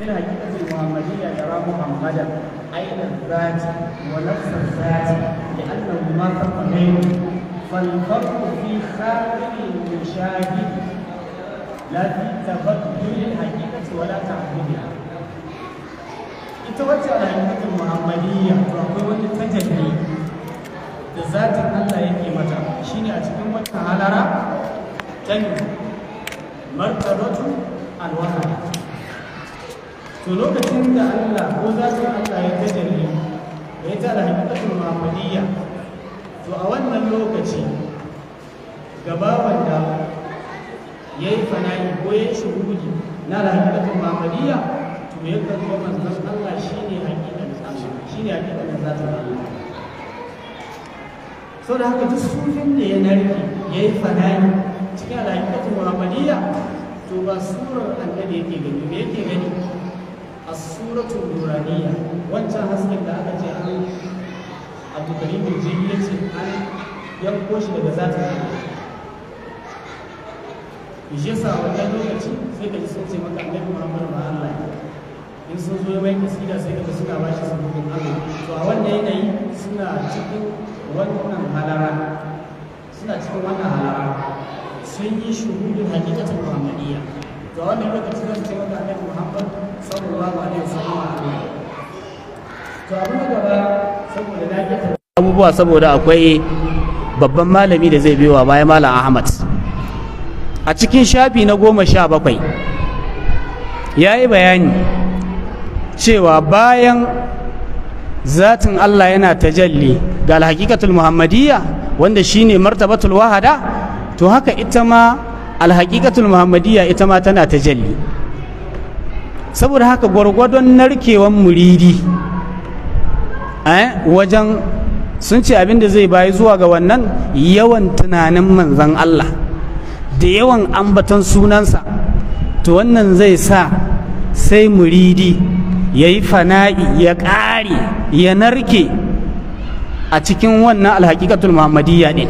min hakikati muhammadiyya yara muhammadan aina zati wa nafsa zati da annahu ma kafa gairu فالفرق في خاتم المشاهد لا في تبدل الحقيقة ولا تعبدها ita wacce alhamdulillah muhammadiyya to akwai wani tajalli da zatin Allah yake mata shine a cikin wata halara ta martabatu to lokacin da Allah ko za ka Allah ya tajalli da ya tara hakikatul mafadiyya to a wannan lokaci gabawan da ya yi fana'i ko ya yi shuhudi na hakikatul mafadiyya to ya kan zo manzon Allah shine hakikatul shine hakikatul zatin Allah sau da haka duk sufin da ya narki ya yi fana'i cikin hakikatul Muhammadiyya, to ba surar annabi yake gani me yake gani as-suratul nuraniya wancan hasken da aka ce an abdulkarim jini ya ce an yanko shi daga zatin Allah shi yasa wannan lokaci sai ka ji sun ce maka annabi Muhammad ba Allah in sun zo mai kasida sai ka suna ba shi sunan Allah to a wannan yanayi suna cikin wannan halara suna cikin wannan halara sun yi shuhudin hakikatan Muhammadiyya to a wannan lokaci zan ce maka annabi Muhammad abubuwa saboda akwai babban malami da zai biyowa bayan malam Ahmad a cikin shafi na goma sha bakwai ya yi bayani cewa bayan zatin Allah yana tajalli ga alhaƙiƙatul muhammadiyya wanda shi ne martabatul wahada to haka ita ma alhaƙiƙatul muhammadiyya ita ma tana tajalli saboda haka gwargwadon narkewan muridi eh, wajen sun ce abin da zai bayi zuwa ga wannan yawan tunanin manzan Allah da yawan ambaton sunansa to wannan zai sa sai muridi ya yi fana'i ya ƙare ya narke a cikin wannan alhaƙiƙatul muhammadiyya ne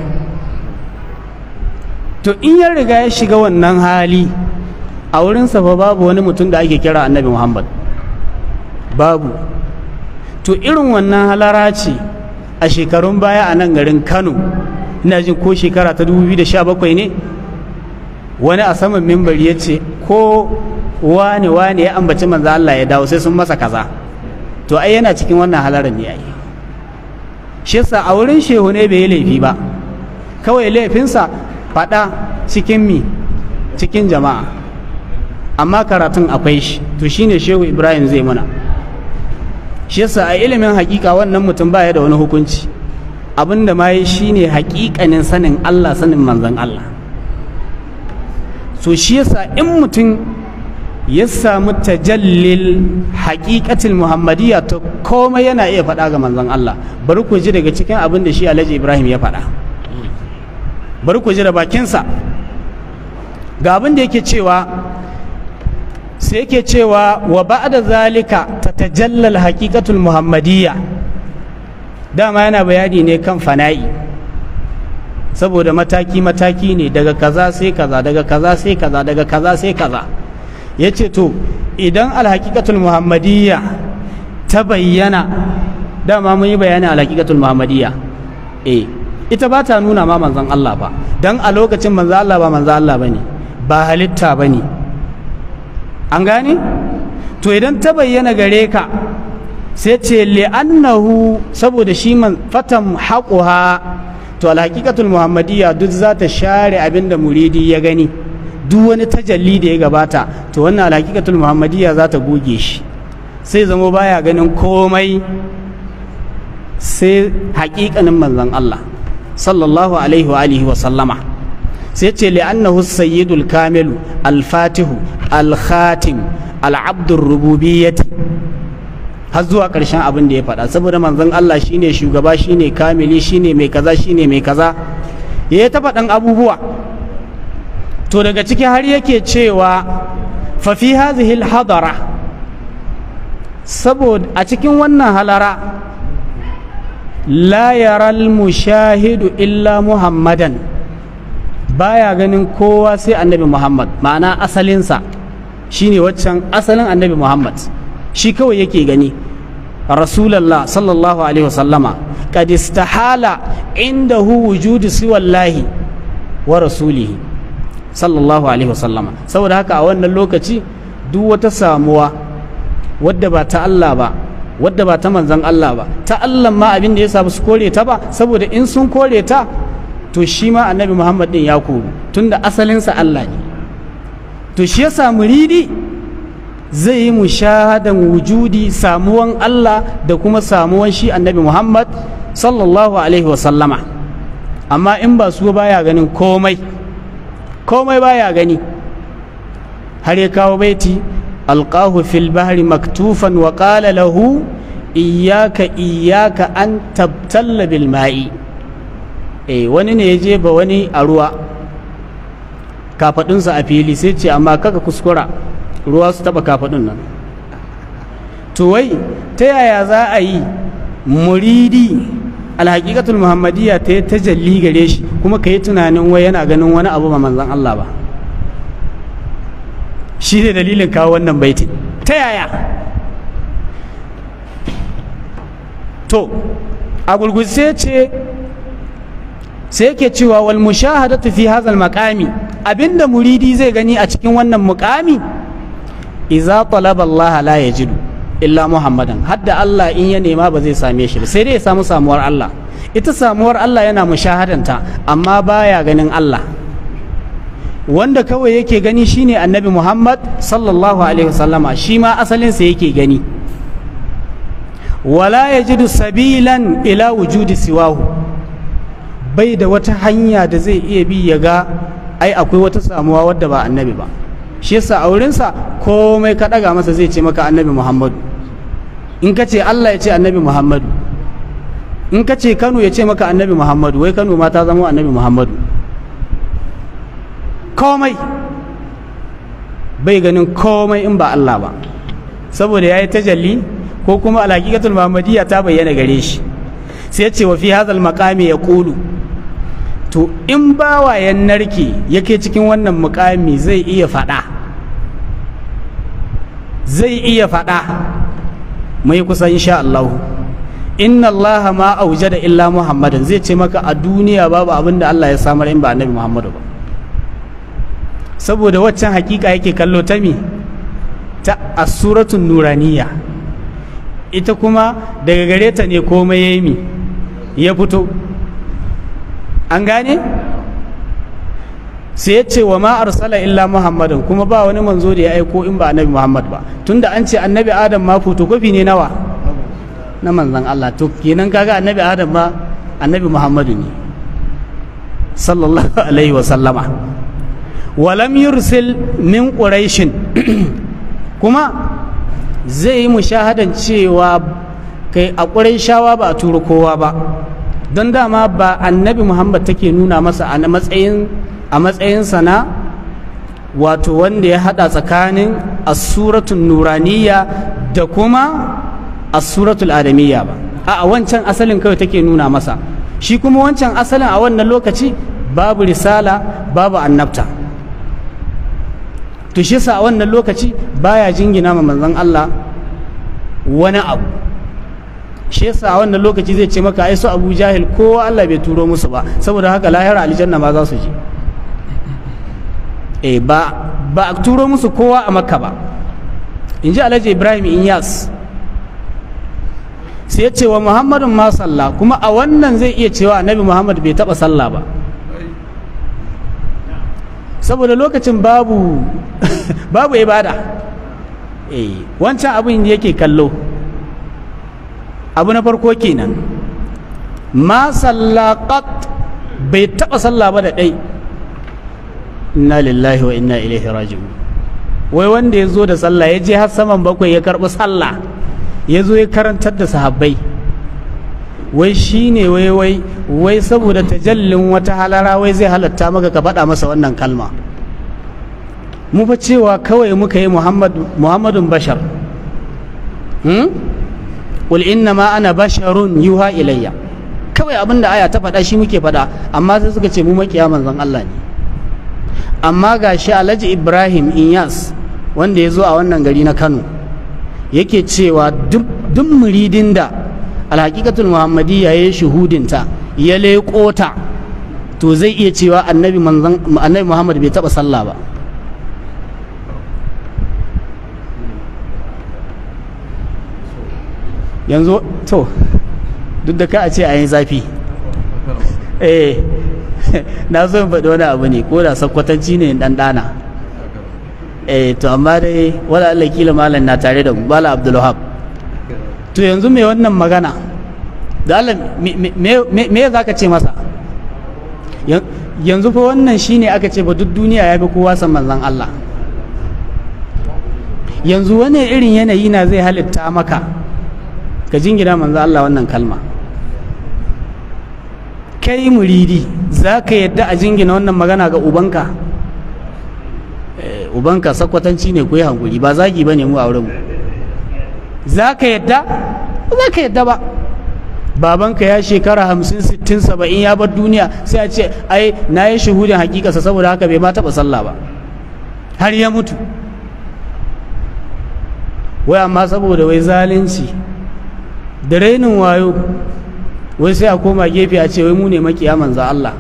to in ya riga ya shiga wannan hali a wurin fa babu wani mutum da ake kira annabi muhammad babu to irin wannan halara ce a shekarun baya a nan garin kano ina jin ko shekara ta 2017 ne wani a saman mimbari ya ce ko wane wane ya ambaci manzo Allah ya dawo sai sun masa kaza to ai yana cikin wannan halarar ne ai shi yasa a wurin shehu ne bai yi laifi ba kawai laifinsa faɗa cikin mi cikin jama'a amma karatun akwai shi to shine shehu ibrahim zai mana shi yasa a ilimin hakika wannan mutum baya da wani hukunci abinda ma yi shine hakikanin sanin Allah sanin manzon Allah so shi yasa in mutum ya samu tajallil haƙiƙatil muhammadiyya to komai yana iya faɗa ga manzon Allah bari ku ji daga cikin abin da shi Alhaji Ibrahim ya faɗa bari ku ji da bakinsa ga abin da yake cewa sai yake cewa wa ba da zalika ta tatajallal haqiqatul muhammadiyya dama yana bayani ne kan fana'i saboda mataki mataki ne daga kaza sai kaza daga kaza sai kaza daga kaza sai kaza Ya ce to idan alhaqiqatul muhammadiyya ta bayyana dama mun yi bayani alhaqiqatul muhammadiyya E ita ba ta nuna ma manzon Allah ba dan a lokacin manzon Allah ba manzon Allah ba ne ba halitta ba ne. an gane to idan ta bayyana gare ka sai ce li'annahu saboda shi man fatan haƙuha to alhaƙiƙatul muhammadiyya duk za ta share abinda da muridi ya gani duk wani tajalli da ya gabata to wannan alhaƙiƙatul muhammadiyya za ta goge shi sai zamo baya ganin komai sai haƙiƙanin manzon Allah sallallahu alaihi wa alihi wa sallama sai ce li'annahu sayyidul kamilu al-fatihu al-khatim al-abdur rububiyyati har zuwa karshen abin da ya faɗa saboda manzon Allah shine shugaba shine kamili shine mai kaza shine mai kaza ya ta faɗan abubuwa to daga ciki har yake cewa fa fi hadhihi al-hadara saboda a cikin wannan halara la yara al-mushahidu illa muhammadan baya ganin kowa sai annabi muhammad ma'ana asalinsa shine waccan asalin annabi muhammad shi kawai yake gani rasulallah sallallahu alaihi wasallama qad istahala hu wujudu siwallahi wa rasulihi sallallahu alaihi wasallama saboda haka a wannan lokaci duk wata samuwa wadda ba ta Allah ba wadda ba ta manzan Allah ba ta Allah ma abin da ya samu su kore ta ba saboda in sun kore ta to shi ma annabi muhammad din ya koru tunda asalinsa allah ne to shi ya samu ridi zai yi mushahadan wujudi samuwan allah da kuma samuwan shi annabi muhammad sallallahu alaihi wasallama amma in ba su baya ganin komai komai baya gani har ya kawo baiti alƙahu fil bahri maktufan wa qala lahu iyyaka iyyaka an tabtalla bil ma'i E wani ne ya jefa wani a ruwa kafadunsa a fili sai ce amma kaka kuskura ruwa su taba kafadun nan to wai ta yaya za a yi muridi alhaƙiƙatul muhammadiyya ta yi tajalli gare shi kuma ka yi tunanin wai yana ganin wani abu ba manzan Allah ba shi ne dalilin kawo wannan baitin ta yaya to a gulgulse ce sai yake cewa wal mushahadatu fi hadha maqami abinda muridi zai gani a cikin wannan muqami idza talaba Allah la yajidu illa muhammadan hadda Allah in ya nema ba zai same shi ba sai dai ya samu samuwar Allah ita samuwar Allah yana mushahadanta amma baya ganin Allah wanda kawai yake gani shine annabi Muhammad sallallahu alaihi wasallama shi ma asalinsa yake gani wala yajidu sabilan ila wujudi siwahu bai da wata hanya da zai iya bi ya ga ai akwai wata samuwa wadda ba annabi ba shi yasa a wurinsa komai ka ɗaga masa zai ce maka annabi muhammadu in ka ce allah ya ce annabi muhammadu in ka ce kano ya ce maka annabi muhammadu wai kano ma ta zama annabi muhammadu komai bai ganin komai in ba allah ba saboda ya yi tajalli ko kuma alhaƙiƙatul muhammadiyya ta bayyana gare shi sai ce wa fi hazal makami ya kulu to in bawayen narke yake cikin wannan mukami zai iya faɗa zai iya faɗa mai kusa insha Allah inna Allah ma aujada illa Muhammadin zai ce maka a duniya babu abin da Allah ya samar in ba annabi Muhammadu ba saboda waccan hakika yake kallo ta mi ta asuratun nuraniya ita kuma daga gareta ne komai yayi mi ya fito an gane sai ya ce wa ma arsala illa muhammadin kuma ba wani manzo da ya aiko in ba annabi muhammad ba tunda an ce annabi adam ma fotokofi ne nawa na manzan allah to kenan kaga annabi adam ma annabi muhammadu ne sallallahu alaihi wa sallama walam yursil min quraishin kuma zai yi mushahadan cewa kai a ƙurai shawa ba a turo kowa ba don dama ba annabi muhammad take nuna masa a matsayin a matsayinsa na wato wanda ya hada tsakanin asuratun nuraniya da kuma asuratul adamiyya ba a wancan asalin kawai take nuna masa shi kuma wancan asalin a wannan lokaci babu risala babu annabta to sa a wannan lokaci baya jingina ma manzon Allah wani abu shi yasa a wannan lokaci zai ce maka ai su Abu Jahil kowa Allah bai turo musu ba saboda haka lahira aljanna ma za su je eh ba ba a turo musu kowa a makka ba in ji alhaji ibrahim inyas sai ya ce wa muhammadun ma sallah kuma a wannan zai iya cewa annabi muhammad bai taba sallah ba saboda lokacin babu babu ibada eh wancan abin yake kallo abu na farko kenan ma sallaqat bai taba sallah ba da dai inna lillahi wa inna ilaihi raji'u wai wanda ya zo da sallah ya je har saman bakwai ya karɓi sallah ya zo ya karantar da sahabbai wai shi wai wai wai saboda tajallin wata halara wai zai halatta maka ka faɗa masa wannan kalma mu fa cewa kawai muka yi muhammadun bashar hmm? wal inna ma ana basharun yuha ilayya kawai abinda aya ta faɗa shi muke faɗa amma sai suka ce mu makiya manzon Allah ne amma ga shi Alhaji Ibrahim Inyas wanda ya zo a wannan gari na Kano yake cewa duk muridin da alhaqiqatul muhammadiyya ya shuhudinta ya leƙota to zai iya cewa annabi annabi Muhammad bai taɓa sallah ba yanzu to duk da ka a ce a yi zafi eh na zo faɗi wani abu ne ko da sakwatanci ne dan dana eh to amma dai wala Allah kila malam na tare da bala Wahab to yanzu mai wannan magana da Allah me za ka ce masa yanzu fa wannan shine aka ce ba duk duniya ya bi kowa san manzon Allah yanzu wani irin yanayi na zai halitta maka ka jingina manzo Allah wannan kalma kai muridi za ka yadda a jingina wannan magana ga ubanka eh, ubanka sakwatanci ne ku yi hankuri ba zagi ba ne mu a wurin za ka yadda za ka yadda ba babanka ya shekara hamsin sittin saba'in ya bar duniya sai a ce ai na yi shahudin hakikarsa saboda haka bai ma taɓa sallah ba har ya mutu wai amma saboda wai zalunci da rainin wayo wai sai a koma gefe a ce wai mu ne makiya manzo Allah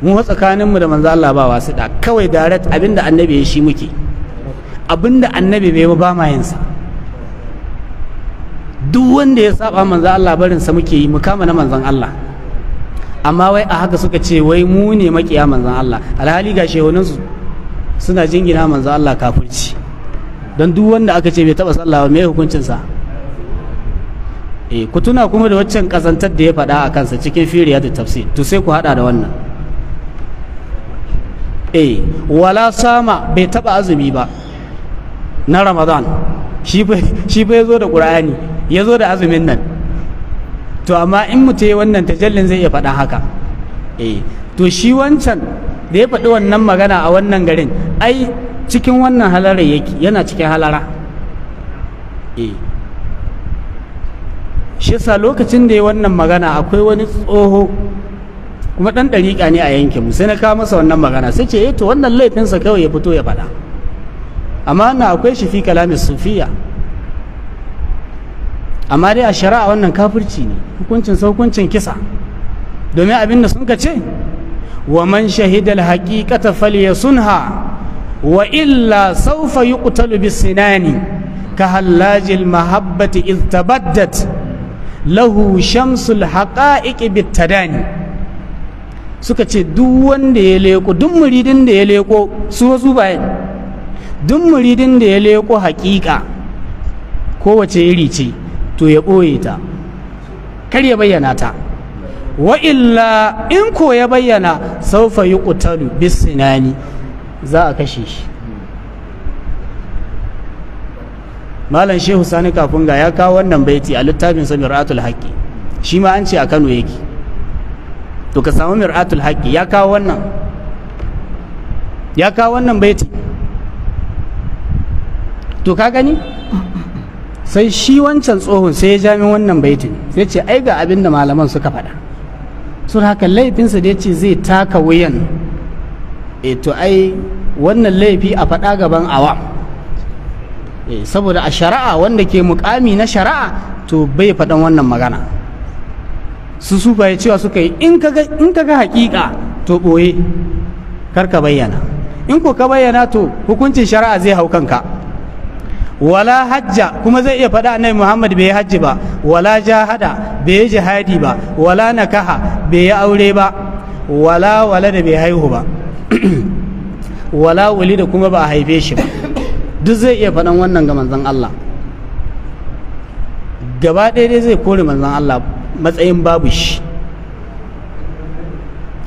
mu tsakanin tsakaninmu da manzo Allah ba wasu da kawai direct abinda annabi ya shi muke abinda annabi bai ba ma yin sa duk wanda ya saba manzo Allah barin sa muke yi mu kama na manzon Allah amma wai a haka suka ce wai mu ne makiya manzon Allah alhali ga shehunan su suna jingina manzan Allah kafirci don duk wanda aka ce bai taba sallah ba me hukuncin sa e ku tuna kuma da waccan kazantar da ya faɗa a kansa cikin firiya da tafsir to sai ku haɗa da wannan E wala sama bai taɓa azumi ba na ramadan shi fa ya zo da ƙur'ani ya zo da azumin nan to amma in mutu wannan tajallin zai iya faɗa haka E to shi wancan da ya faɗi wannan magana a wannan garin ai cikin wannan halarar yake yana cikin halara shi sa lokacin da ya wannan magana akwai wani tsoho kuma ɗan ɗariƙa ne a yankin mu sai na kawo masa wannan magana sai ce eh, to wannan laifinsa kawai ya fito ya faɗa amma na akwai shi fi kalamin sufiya amma dai a shari'a wannan kafirci ne hukuncin sa hukuncin kisa domin abin da sun ka ce wa man shahida alhaqiqata falyasunha wa illa sawfa yuqtalu bisinani ka hallajil mahabbati iz tabaddat lahu shamsul haqa'iqi bitadani suka ce duk wanda ya leko duk muridin da ya leko su wasu bayan duk muridin da ya leko haƙiƙa kowace iri ce to ya ɓoye ta kar ya bayyana ta wa illa in ko ya bayyana saufa yi ƙutalu bisinani za a kashe shi malam shehu sani Kafunga ya kawo wannan baiti a littafin sami mir'atul haqqi shi ma an ce a Kano yake to ka samu mir'atul haqqi ya kawo wannan ya kawo wannan baiti to ka gani sai shi wancan tsohon sai ya jami wannan baitin sai ce ai ga abin da malaman suka faɗa sun haka laifinsa da ya ce zai taka wuyan e to ai wannan laifi a faɗa gaban awam Eh, saboda a shari'a wanda ke mukami na shari'a to bai faɗan wannan magana su su cewa suka yi in ka hakika to ɓoye kar ka bayyana in ko ka bayyana to hukuncin shari'a zai hau kanka wala hajja kuma zai iya faɗa nai muhammad bai hajji ba wala jahada bai yi jihadi ba wala nakaha bai yi aure ba wala wala da bai haihu ba wala wali da kuma ba a haife shi ba duk zai iya faɗan wannan ga manzan Allah gaba ɗaya dai zai kore manzan Allah matsayin babu shi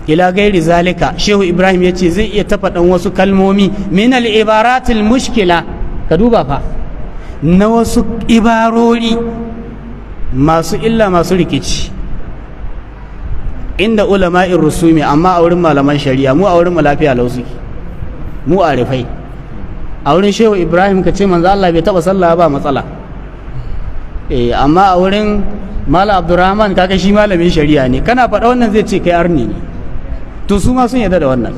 ila gairi zalika shehu ibrahim ya ce zai iya tafaɗan wasu kalmomi min al'ibaratil mushkila ka duba fa na wasu ibarori masu illa masu rikici inda ulama'in rusumi amma a wurin malaman shari'a mu a wurin lafiya lausuki mu a rufai a wurin shehu ibrahim ka ce manzo Allah bai taba sallah ba matsala eh amma a wurin mala abdurrahman kaga shi malamin shari'a ne kana faɗa wannan zai ce kai arni ne to su ma sun yarda da wannan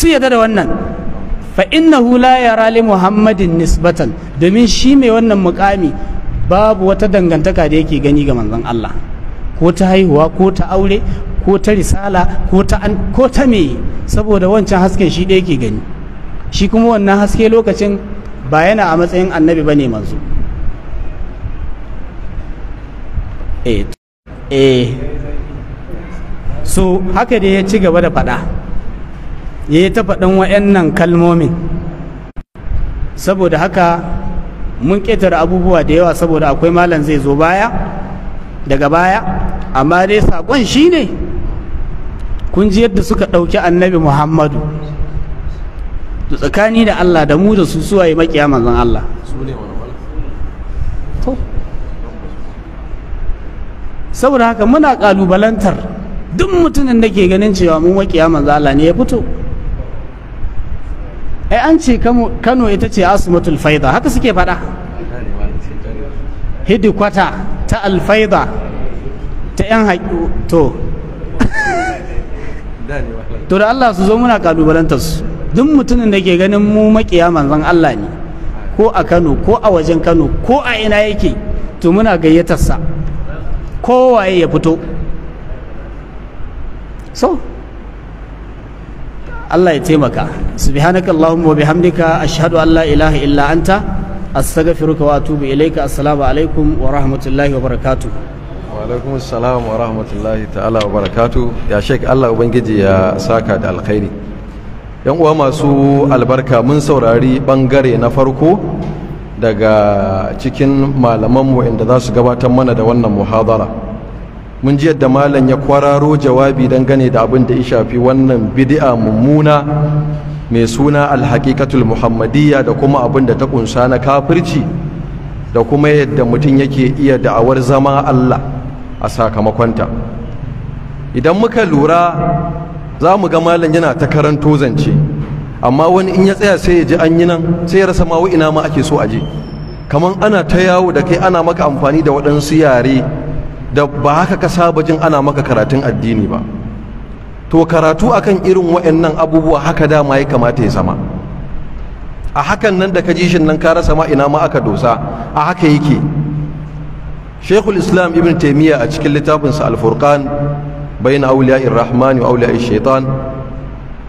sun yadda da wannan fa innahu la yara li muhammadin nisbatan domin shi mai wannan mukami babu wata dangantaka da yake gani ga manzan Allah ko ta haihuwa ko ta aure ko ta risala ko ta me saboda wancan hasken shi da yake gani shi kuma wannan haske lokacin ba yana a matsayin annabi ba ne manzo eh, eh. so haka dai ya ci gaba da faɗa ya yi ta faɗin wa'annan kalmomin saboda haka mun ƙetare abubuwa da yawa saboda akwai malam zai zo baya daga baya amma dai saƙon shi ne kun ji yadda suka ɗauki annabi muhammadu da tsakani da Allah da mu da su yi makiya manzan Allah saboda haka muna kalubalantar duk mutumin da ke ganin cewa mun makiya manzan Allah ne ya fito ai an ce Kano ita ce asmatul faida haka suke faɗa hidikwata ta alfaida ta yan haƙi to to da Allah su zo muna ƙalubalantar su duk mutumin da ke ganin mu makiya manzon Allah ne ko a Kano ko a wajen Kano ko a ina yake to muna gayyatarsa kowaye ya fito so Allah ya taimaka subhanaka allahumma wa bihamdika ashhadu an la ilaha illa anta astaghfiruka wa atubu ilaika assalamu alaikum wa rahmatullahi wa barakatuh wa alaikum assalam wa rahmatullahi ta'ala wa barakatuh ya sheik Allah ubangiji ya saka da alkhairi yan uwa masu albarka mun saurari bangare na farko daga cikin malamanmu inda za su gabatar mana da wannan muhadara mun ji yadda malam ya kwararo jawabi dangane da abin da ya shafi wannan bid'a mummuna mai suna alhaƙiƙatul muhammadiyya da kuma abin da ta kunsa na kafirci da kuma yadda mutum yake iya da'awar zama Allah a sakamakonta idan muka lura za mu ga malam yana ta karanto zance amma wani in ya tsaya sai ya ji an yi nan sai ya rasa ma ina ma ake so a je kamar ana ta yawo da kai ana maka amfani da waɗansu yare da ba haka ka saba jin ana maka karatun addini ba to karatu akan irin waɗannan abubuwa haka dama ya kamata ya zama a hakan nan da ka ji shin nan ka rasa ma ina ma aka dosa a haka yake shekul islam ibn taimiyya a cikin littafinsa alfurkan bayna awliya'ir rahmani wa awliya'ish shaitan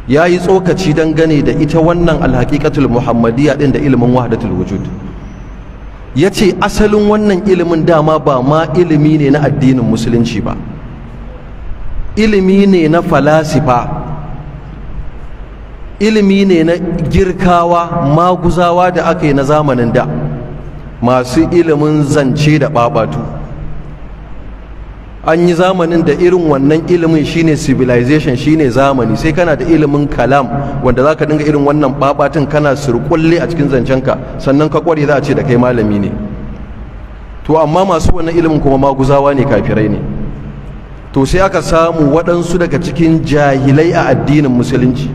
yayi tsokaci dangane da ita wannan alhaqiqatul muhammadiyya din da ilimin wahadatul wujud yace asalin wannan ilimin dama ba ma ilimi ne na addinin musulunci ba ilimi ne na falasifa ilimi ne na girkawa maguzawa da aka yi na zamanin da masu ilimin zance da babatu an yi zamanin da irin wannan ilimin shine civilization shine zamani sai kana da ilimin kalam wanda zaka dinga irin wannan babatin kana surkulle a cikin zancenka sannan ka kware za a ce da kai malami ne to amma masu wannan ilimin kuma maguzawa ne kafirai ne to sai aka samu waɗansu daga cikin jahilai a addinin musulunci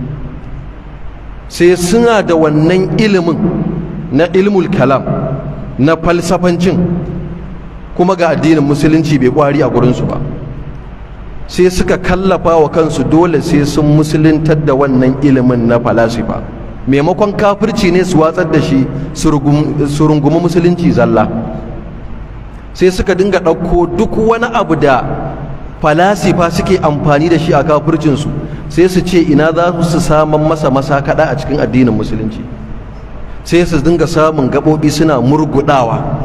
sai suna da wannan ilimin na ilmul kalam na falsafancin kuma ga addinin musulunci bai kwari a gurinsu ba sai suka kallafa wa kansu dole sai sun musuluntar da wannan ilimin na falasifa maimakon kafirci ne su watsar da shi su rungumi musulunci zalla sai suka dinga ɗauko duk wani abu da falasifa suke amfani da shi a kafircinsu sai su ce ina za su saman masa masa kaɗa a cikin addinin musulunci sai su dinga samun gaɓoɓi suna murgudawa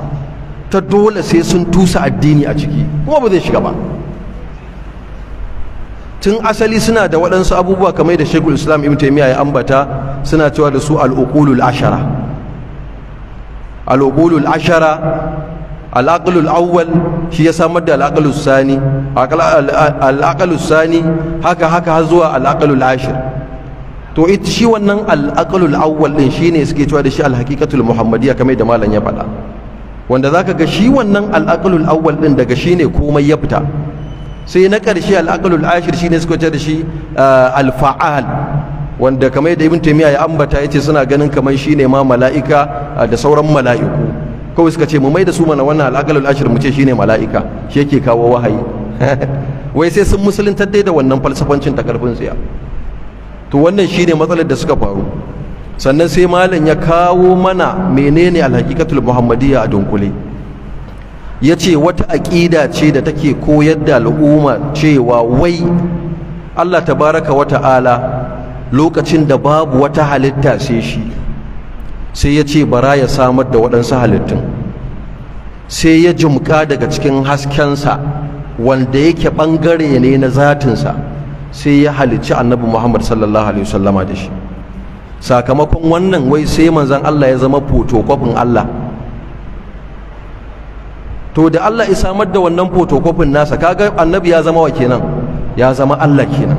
ta dole sai sun tusa addini a ciki kuma ba zai shiga ba tun asali suna da waɗansu abubuwa kamar da shekul islam ibn taimiyya ya ambata suna cewa da su al'uqulul ashara al'uqulul ashara al'aqlul awwal shi ya samar da al'aqlus sani al'aqlus sani haka haka har zuwa al'aqlul ashir to ita shi wannan al'aqlul awwal din shine suke cewa da shi al-haqiqatul muhammadiyya kamar da malam ya faɗa wanda zaka ga shi wannan al'aqlul awwal din daga shi ne komai ya fita sai na ƙarshe al'aqlul ashir ne suka ce da shi uh, al-fa'al wanda kamar da ibn taymiya ya ambata yace suna ganin kamar shi ne ma mala'ika uh, da sauran mala'iku kawai suka ce mu mai da su mana wannan al'aqalul ashir mu ce shi ne mala'ika shi yake kawo wahayi wai sai sun musuluntar dai da wannan falsafancin ta karfin tsiya to wannan shi ne matsalar da suka faru sannan sai malam ya kawo mana menene alhaqiqatul muhammadiyya a dunkule yace wata aƙida ce da take koyar da al'umma cewa wai Allah tabaraka wa ta'ala lokacin da babu wata halitta sai shi sai yace bara ya samar da waɗansu halittun sai ya jumka daga cikin haskensa wanda yake ɓangare ne na zatinsa sai ya halicci annabi muhammad sallallahu alaihi wasallama da shi sakamakon wannan wai sai manzan Allah ya zama fotokofin Allah to da Allah ya samar da wannan fotokofin nasa kaga annabi ya zama wa kenan ya zama Allah kenan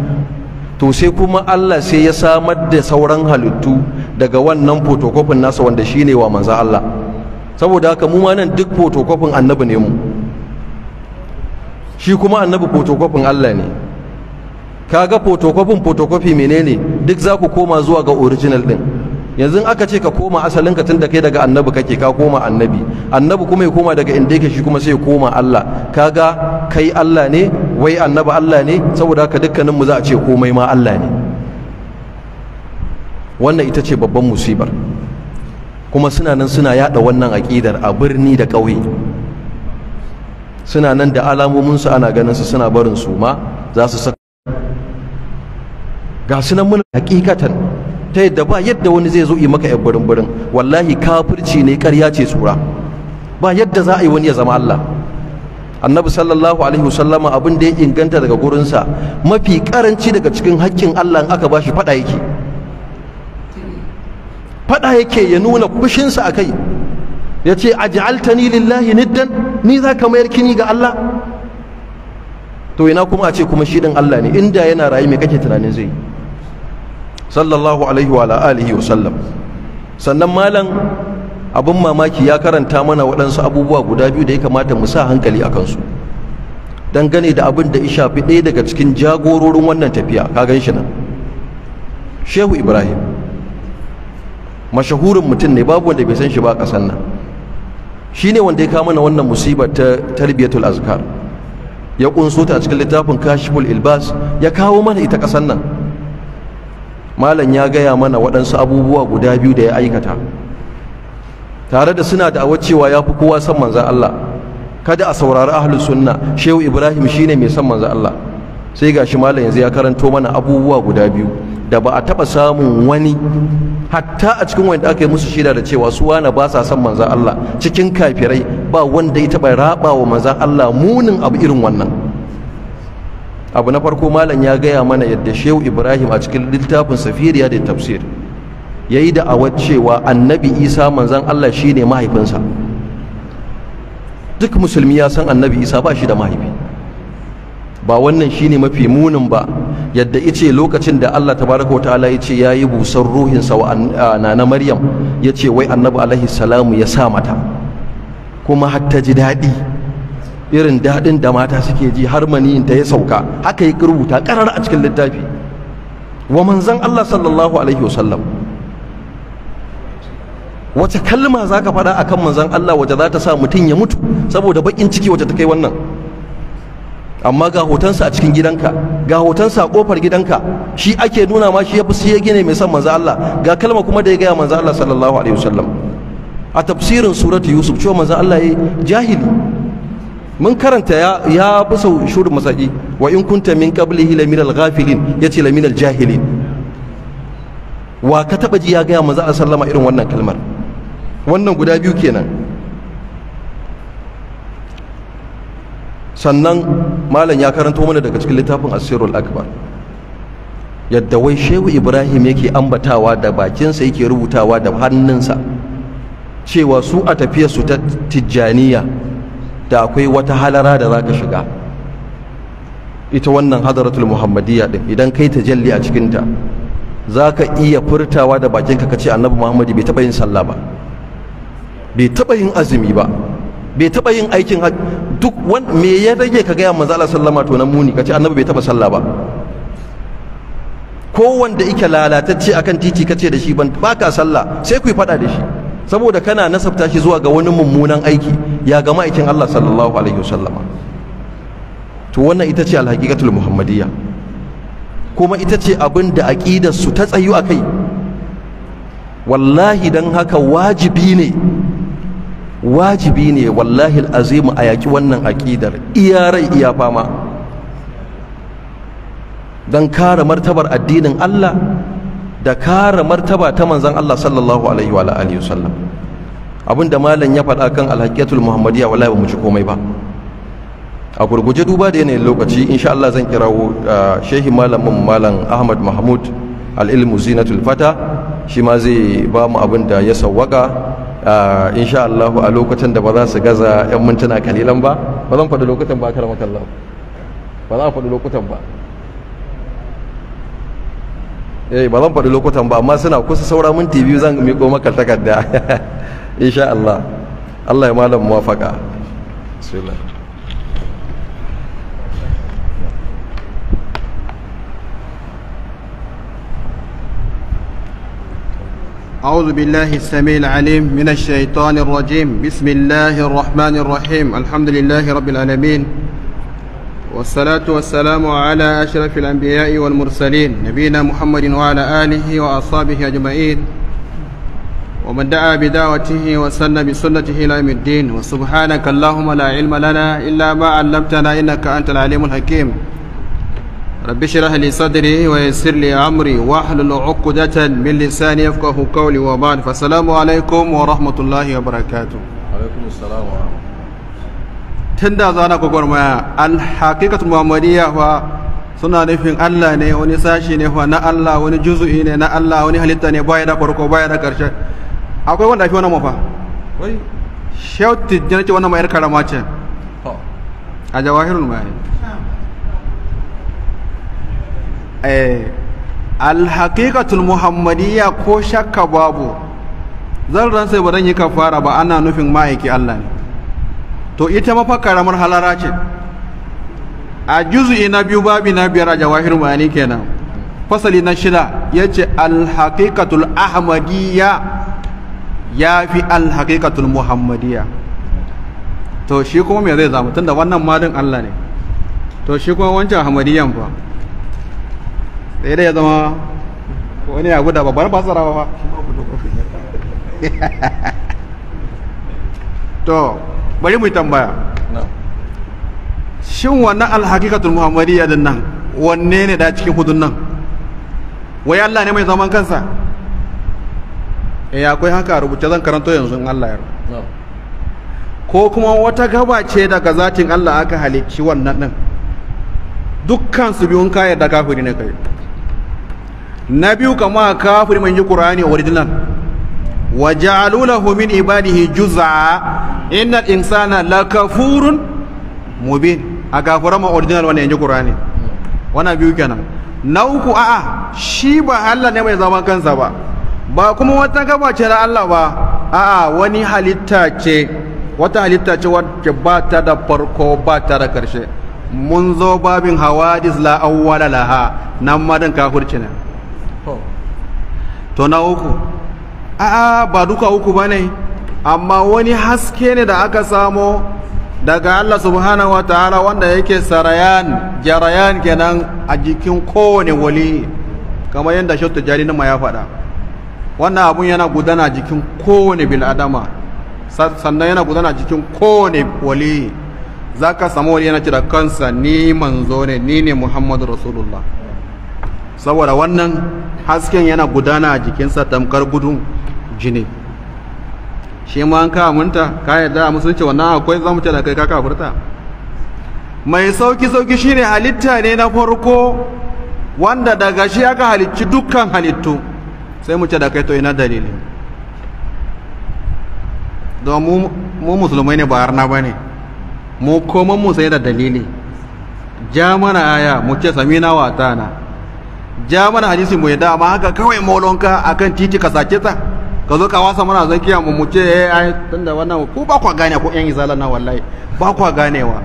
to sai kuma Allah sai ya samar da sauran halittu daga wannan fotokofin nasa wanda shine wa manzan Allah saboda haka mu ma nan duk fotokofin annabi ne mu shi kuma annabi fotokofin Allah ne kaga fotokofin photocopy menene duk za ku koma zuwa ga original din yanzu aka ce ka koma asalin ka tunda kai daga annabi kake ka koma annabi annabi kuma ya koma daga inda yake shi kuma sai ya koma Allah kaga kai Allah ne wai annabi Allah ne saboda haka dukkanin mu za a ce komai ma Allah ne wannan ita ce babban musibar kuma suna nan suna yada wannan aƙidar a birni da ƙauye suna nan da alamominsu ana ganin su suna barin su ma za su saka ga sunan muna hakikatan ta yadda ba yadda wani zai zo yi maka yan burin burin wallahi kafirci ne karya ce tsura ba yadda za a yi wani ya zama Allah annabi sallallahu alaihi wasallam abin da ya inganta daga gurinsa mafi karanci daga cikin hakkin Allah in aka bashi fada yake fada yake ya nuna kushinsa a kai ya ce aj'altani lillahi niddan ni za ka mayar kini ga Allah to ina kuma a ce kuma shi din Allah ne inda yana rayu me kake tunanin zai yi sallallahu alaihi wa alihi wa sallam sannan malam abin mamaki ya karanta mana waɗansu abubuwa guda biyu da ya kamata mu sa hankali a kansu dangane da abin da ya shafi ɗaya daga cikin jagororin wannan tafiya ka gan shi nan shehu ibrahim mashahurin mutum ne babu wanda bai san shi ba ƙasar nan shi ne wanda ya kama na wannan musibar ta tarbiyatul azkar ya ƙunso ta a cikin littafin kashiful ilbas ya kawo mana ita ƙasar nan malam ya gaya mana waɗansu abubuwa guda biyu da ya aikata tare da suna da cewa ya fi kowa san manzan Allah kada a saurari ahlus sunna shehu ibrahim shine mai san manzan Allah sai gashi malam yanzu ya karanto mana abubuwa guda biyu da ba a taba samun wani hatta a cikin wanda aka yi musu shida da cewa su wani ba sa son manzan Allah cikin kafirai ba wanda ya taba raba wa manzan Allah munin abu irin wannan abu na farko malam ya gaya mana yadda shehu ibrahim a cikin littafin safiriya da tafsir ya yi da'awar cewa annabi isa manzan allah shi ne mahaifinsa duk musulmi ya san annabi isa ba shi da mahaifi ba wannan shi ne mafi munin ba yadda ice lokacin da allah baraka wa ta'ala ya ce ya yi busar ruhinsa wa nana maryam ya ce wai annabi alaihi salamu ya sa mata kuma har ta ji daɗi irin daɗin da mata suke ji har maniyin ta ya sauka haka yi rubuta ƙarar a cikin littafi wa manzan Allah sallallahu alaihi wasallam wace kalma za ka faɗa akan manzan Allah wace za ta sa mutum ya mutu saboda baƙin ciki wace ta kai wannan amma ga hotonsa a cikin gidanka ga hotonsa a ƙofar gidanka shi ake nuna ma shi ya fi siya gine mai son manzan Allah ga kalma kuma da ya gaya manzan Allah sallallahu alaihi wasallam a tafsirin suratu Yusuf cewa manzan Allah ya jahili mun karanta ya ya busa shirin masaki wa in kunta min qablihi hila min al-ghafilin yace la min jahilin wa ka taba ji ya ga manzo sallama irin wannan kalmar wannan guda biyu kenan sannan malam ya karanto mana daga cikin littafin asirul akbar yadda wai shehu ibrahim yake ambatawa da bakinsa yake rubutawa da hannunsa cewa su a su ta tijjaniya da akwai wata halara da za ka shiga ita wannan hadaratul muhammadiyya din idan kai ta jalli a cikinta za ka iya furtawa da bakinka ka ce annabi muhammadu bai taɓa yin sallah ba bai taɓa yin azumi ba bai taɓa yin aikin duk me ya rage ka gaya manzo Allah sallama to nan muni ka ce annabi bai taɓa sallah ba ko wanda yake lalatacce akan titi ka ce da shi ban baka sallah sai ku yi faɗa da shi saboda kana nasabta shi zuwa ga wani mummunan aiki ya ga ma'aikin Allah sallallahu alaihi wasallama to wannan ita ce alhaqiqatul muhammadiyya kuma ita ce abin da aqidar su ta tsayu akai wallahi dan haka wajibi ne wajibi ne wallahi alazim a yaki wannan aƙidar iya rai iya fama dan kare martabar addinin Allah da kare martaba ta manzon Allah sallallahu alaihi wa alihi wasallam abinda malam ya faɗa kan alhaqiyatul muhammadiyya wallahi ba mu ci komai ba a gurguje duba da yanayin lokaci insha Allah zan kirawo shehi malamin malam Ahmad Mahmud al-ilmu zinatul fata shi ma zai ba mu abin da ya sawwaka insha Allah a lokacin da ba za su gaza yan mintuna kalilan ba ba zan faɗi lokutan ba karama kallahu ba za a faɗi lokutan ba eh ba zan faɗi lokutan ba amma suna kusa saura minti biyu zan miƙo maka takarda insha الله الله ya موافقه بسم الله أعوذ بالله السميع العليم من الشيطان الرجيم بسم الله الرحمن الرحيم الحمد لله رب العالمين والصلاة والسلام على أشرف الأنبياء والمرسلين نبينا محمد وعلى آله وأصحابه أجمعين ومن دعا بدعوته وسن بسنته إلى يوم الدين وسبحانك اللهم لا علم لنا إلا ما علمتنا إنك أنت العليم الحكيم رب اشرح لي صدري ويسر لي أمري واحلل عقدة من لساني يفقه قولي وبعد فالسلام عليكم ورحمة الله وبركاته عليكم السلام ورحمة tunda za na gwagwarmaya alhaƙiƙatul muhammadiyya fa suna nufin Allah ne wani sashi ne fa na Allah wani juzu'i ne na Allah wani halitta ne baya da farko baya da ƙarshe akwai wanda ake wani mafa wai shauti jana ce wannan mayar karama ce a jawahirun mai eh muhammadiyya ko shakka babu zan ran sai ba zan yi kafara ba ana nufin ma'aiki Allah ne to ita mafa karamar halara ce a juzu na biyu babi na biyar a jawahir ma'ani kenan fasali na shida ya ce alhaƙiƙatul ahmadiyya ya fi alhaƙiƙatul muhammadiyya to shi kuma me zai zama tunda wannan madin Allah ne to shi kuma wancan hamadiyyan fa sai da ya zama wani abu da babbar basara ba to bari mu tambaya shin wannan alhaƙiƙatul muhammadiyya din nan wanne ne da cikin hudun nan wai Allah ne mai zaman kansa eh akwai haka rubuce zan karanto yanzu in Allah ya ko kuma wata gaba ce daga zatin Allah aka halicci wannan din dukkan su biyun ka yarda kafiri ne kai na biyu kama kafiri mai yi qur'ani original wa ja'alu lahu min ibadihi juz'a innal insana lakafurun mubin a gafara ma original wannan yanzu qur'ani wannan biyu kenan na uku a'a shi ba Allah ne mai zaman kansa ba ba kuma wata gaba ce da Allah ba a'a wani halitta ce wata halitta ce wacce ba ta da farko ba ta da karshe mun zo babin hawadis la awwala laha nan madan kafirci ne to na uku a'a ba duka uku ba ne. amma wani haske ne da aka samo daga Allah subhanahu wa ta'ala wanda yake sarayan jarayan kenan a jikin kowane wali kamar yadda shattu jari na ya faɗa wannan abun yana gudana jikin kowane bil'adama sannan yana gudana jikin kowane wali za ka samu wali yana cire kansa ni manzo ne ni ne muhammadu rasulullah saboda wannan hasken yana gudana a jikinsa tamkar gudun jini shi ma an munta ka yarda a musulunci wannan akwai zamu ce da kai ka furta mai sauki sauki shine halitta ne na farko wanda daga shi aka halicci dukkan halittu sai mu ce da kai to ina dalili don mu musulmai ne ba harna ba ne mu koman mu sai da dalili ja mana aya mu ce samina wa tana ja mana hadisi mu yadda amma haka kawai maulonka akan titi ka sake ta ka zo ka wasa mana zakiya mu ce eh ai tunda wannan ku ba kwa gane ko yan izala na wallahi ba kwa ganewa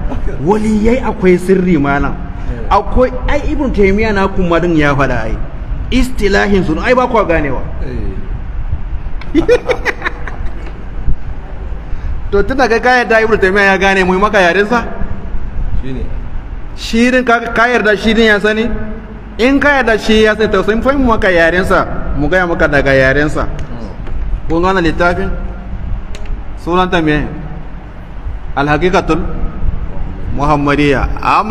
waliyai akwai sirri malam akwai ai ibn taimiyya na kuma din ya faɗa ai istilahin su ai ba kwa ganewa eh. to tana ga kayan da ibnu taymiya ya gane mu maka yaren sa shine shirin ka yarda shirin ya sani in ka yarda shi ya sani to sai mu maka yaren sa mu gaya maka daga yaren sa hmm. kun gane littafin sunan ta mai alhaqiqatul muhammadiyya am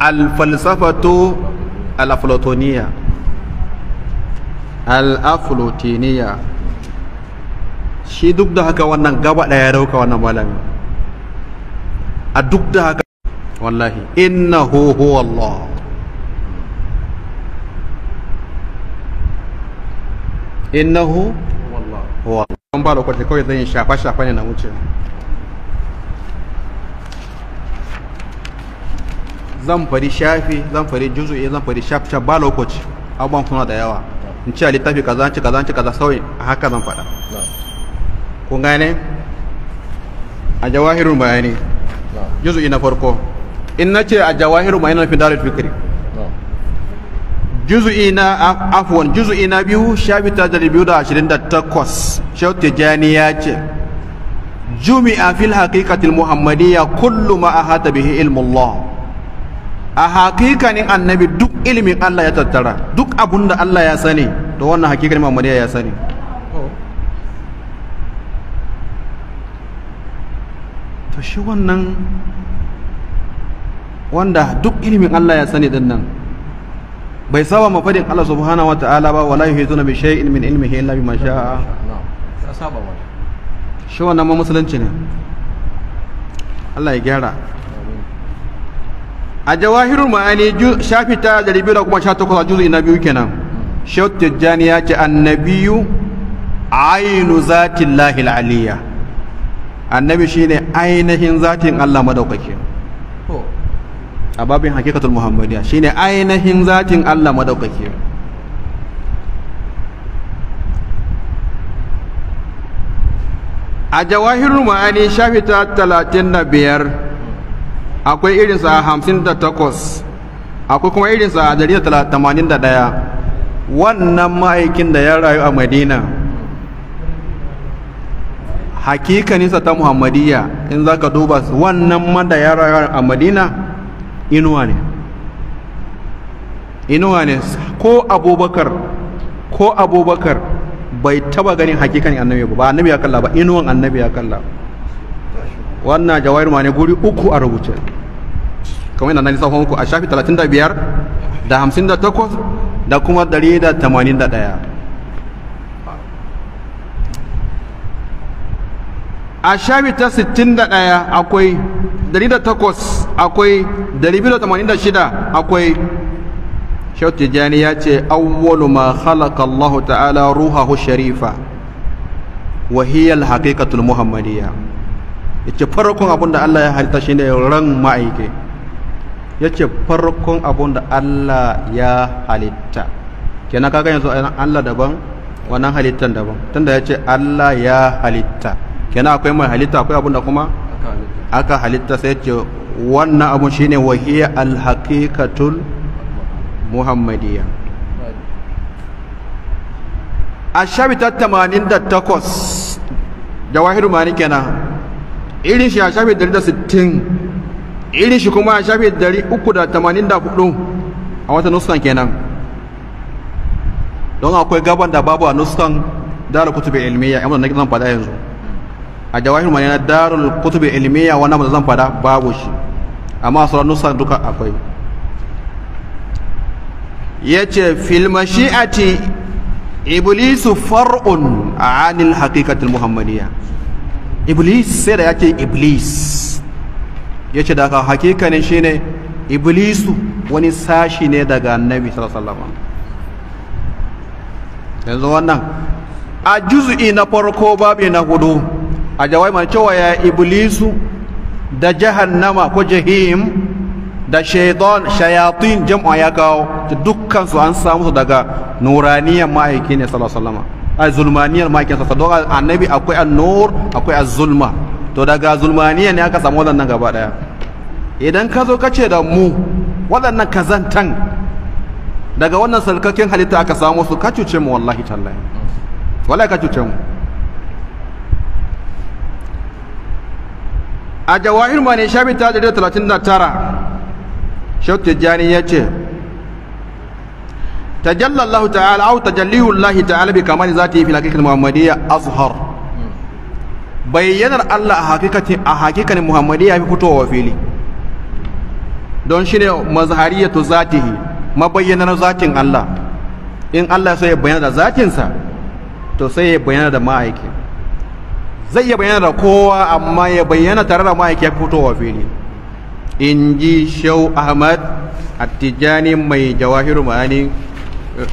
al alaflotoniya alaflotiniya shi duk da haka wannan gaba daya ya dauka wannan malami a duk da haka wallahi innahu huwa Allah innahu huwa Allah ba lokaci kawai zan yi shafa shafa ne na wuce zan fari shafi zan fari juzu'i zan fari shafi shaf ba lokaci abubuwan suna da yawa in ci a littafi kaza ci kaza ci kaza sauyi a haka zan faɗa kun gane a jawahirun bayani juzu'i na farko in na ce a jawahirun bayani na fidarar fikiri juzu'i na afuwan juzu'i na biyu shafi ta jari biyu da ashirin da takwas shau jani ya ce jumi'a fil haqiqatil muhammadiyya kullu ma hata bihi ilmullah a hakikanin annabi duk ilimin Allah ya tattara duk abun da Allah ya sani to wannan hakikanin Muhammadiyya ya sani to shi wannan wanda duk ilimin Allah ya sani din nan bai saba mafadin Allah subhanahu wataala ba wala yuhituna bi shay'in min ilmihi illa bima sha'a saba shi wannan ma musulunci ne Allah ya gyara a jawahirul ma'ani shafi ta a juzu na biyu kenan shehu tijjani ya ce annabiyu ainu zatin lahil Aliya. annabi shine ainihin zatin allah madaukaki a babin hakikatul muhammadiyya shine ainihin zatin allah madaukaki a jawahirul ma'ani shafi ta biyar. akwai irinsa hamsin da takwas akwai kuma irinsa dari da tamanin da ɗaya wannan ma'aikin da ya rayu a madina hakikaninsa ta muhammadiyya in za ka duba wannan ma da ya rayu a madina inuwa ne inuwa ne ko abubakar ko abubakar bai taba ganin hakikanin annabi ba annabi ya kalla ba inuwan annabi ya kalla wannan jawahir ma ne guri uku a rubuce kamar yana nan sahon ku a shafi 35 da 58 da kuma 181 a shafi ta 61 akwai 108 akwai 286 akwai shau tijjani ya ce awwalu ma khalaqa Allah ta'ala ruhahu sharifa wa hiya al-haqiqatul muhammadiyya yace farkon abin Allah ya halitta shine ran ma'aike ce farkon abun da Allah ya halitta kenan kaga yanzu Allah daban wannan halittan daban tunda yace Allah ya halitta kenan akwai mai halitta akwai abun da kuma aka halitta sai yace wannan abun shine al-haqiqatul muhammadiyya ashabita 88 da wahidu mani kenan irin shi ashabi 160 irin shi kuma tamanin da 384 a wata nuskan kenan don akwai gaban da babu a nuskan darar kutubi ilmiya yamma na zan fada yanzu a jawahir mani na darar kutubi ilmiya wannan da zan fada babu shi amma sauran nuskan duka akwai yace fil mashi'ati iblisu far'un anil hakikatin muhammadiyya iblis sai da yake iblis ya ce daga hakikanin shine iblisu wani sashi ne daga annabi sallallahu yanzu wannan a juzu'i na farko babi na hudu a jawai mai cewa ya iblisu da jahannama ko jahim da shaidon shayatin jama'a ya kawo dukkan su an samu su daga nuraniyar ma'aiki ne sallallahu a zulmaniyar ma'aikin sassa don annabi akwai an-nur akwai az-zulma to daga zulmaniyar ne aka samu wannan gaba daya idan ka zo ka ce da mu waɗannan kazantan daga wannan sarkakin halitta aka samu su ka cuce mu wallahi tallahi wallahi ka cuce mu a jawahir mani shafi ta da talatin da tara shau tijjani ya ce tajalla Allah ta'ala au tajallihu Allah ta'ala bi kamani zati fi hakikatin muhammadiyya azhar hmm. bayyanar Allah a hakikatin a hakikanin muhammadiyya fi fitowa fili don shi ne mazhariyatu zatihi mabayyanar zatin Allah in Allah sai ya bayyana da zatinsa to sai ya bayyana da ma'aiki zai ya bayyana da kowa amma ya bayyana tare da ma'aiki ya fitowa fili in ji shau ahmad a Tijjani mai jawahiru ma'ani eh,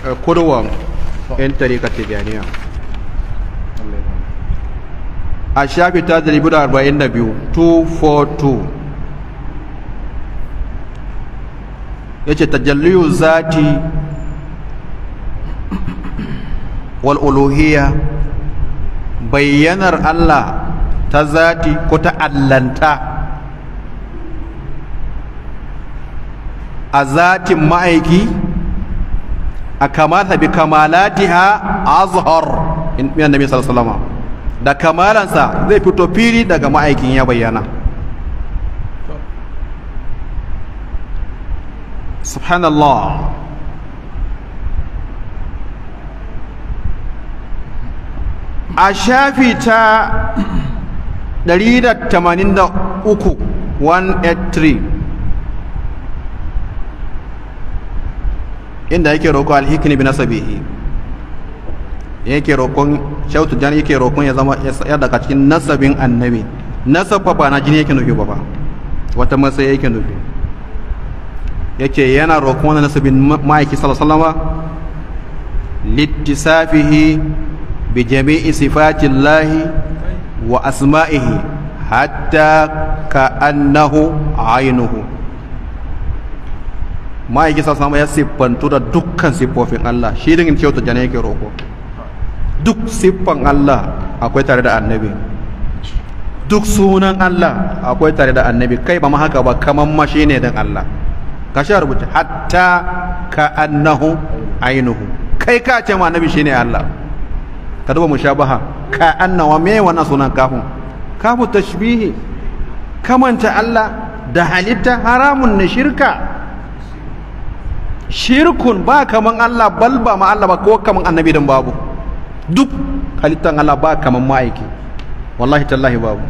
eh, kurwan 'yan tarika tijjaniya. a shafi ta 242 242 yace tajalliyu zati wal bayyanar Allah ta zati ko ta allanta a zatin ma'aiki a kamata bi kamalatiha azhar in da sallallahu salama da kamalansa zai fito fili daga ma'aikin ya bayyana subhanallah a shafi ta 183 183 inda yake roƙo alhikini bi nasabihi yake roƙon shautu jan yake roƙon ya zama ya daga cikin nasabin annabi nasab ba na jini yake nufi ba ba wata matsayi yake nufi yake yana roƙon wannan nasabin ma'aiki salasalama alaihi wasallam littisafihi bi jami'i lahi wa asma'ihi hatta ka ka'annahu ainihu ma'aiki salasalama ya siffantu da dukkan siffofin Allah shi dingin kyauta jana yake roƙo duk siffan Allah akwai tare da annabi duk sunan Allah akwai tare da annabi kai ba ma haka ba kaman mashi ne don Allah ka sha rubuta hatta ka annahu ainihu kai ka ce ma annabi shine Allah ka duba mushabaha ka annawa me wannan sunan tashbihi kamanta Allah da halitta haramun na shirka shirkun ba kaman Allah bal ba ma Allah ba ko kaman annabi dan babu duk halittan Allah ba kaman ma'aiki wallahi tallahi babu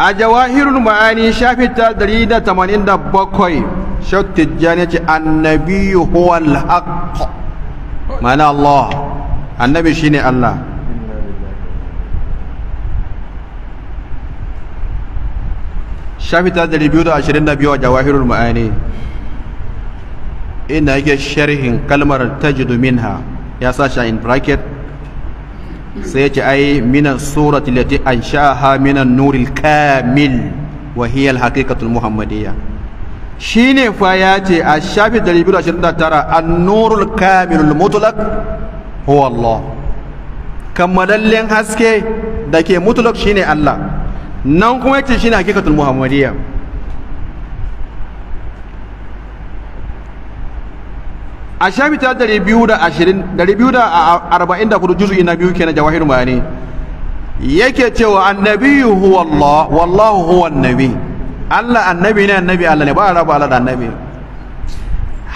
a jawahirul ma'ani shafi ta 187 shattijjan ya ce annabi huwal haqq mana Allah annabi shine Allah shafi ta 222 a jawahirul ma'ani ina yake sharhin kalmar tajidu minha ya sashi in bracket sai yace ai minan surati lati ansha'aha minan nuril kamil wa hiya al-haqiqatul muhammadiyya shine fa yace a shafi 229 an-nurul kamilul mutlaq huwa Allah kammalallen haske da ke mutlaq shine Allah nan kuma yace shine haqiqatul muhammadiyya a shafi ta dari biyu da ashirin dari biyu da arba'in da kudu juzu'i ina biyu kenan jawahir bayani yake cewa annabiyu huwa Allah wallahu huwa annabi Allah annabi ne annabi Allah ne ba a raba Allah da annabi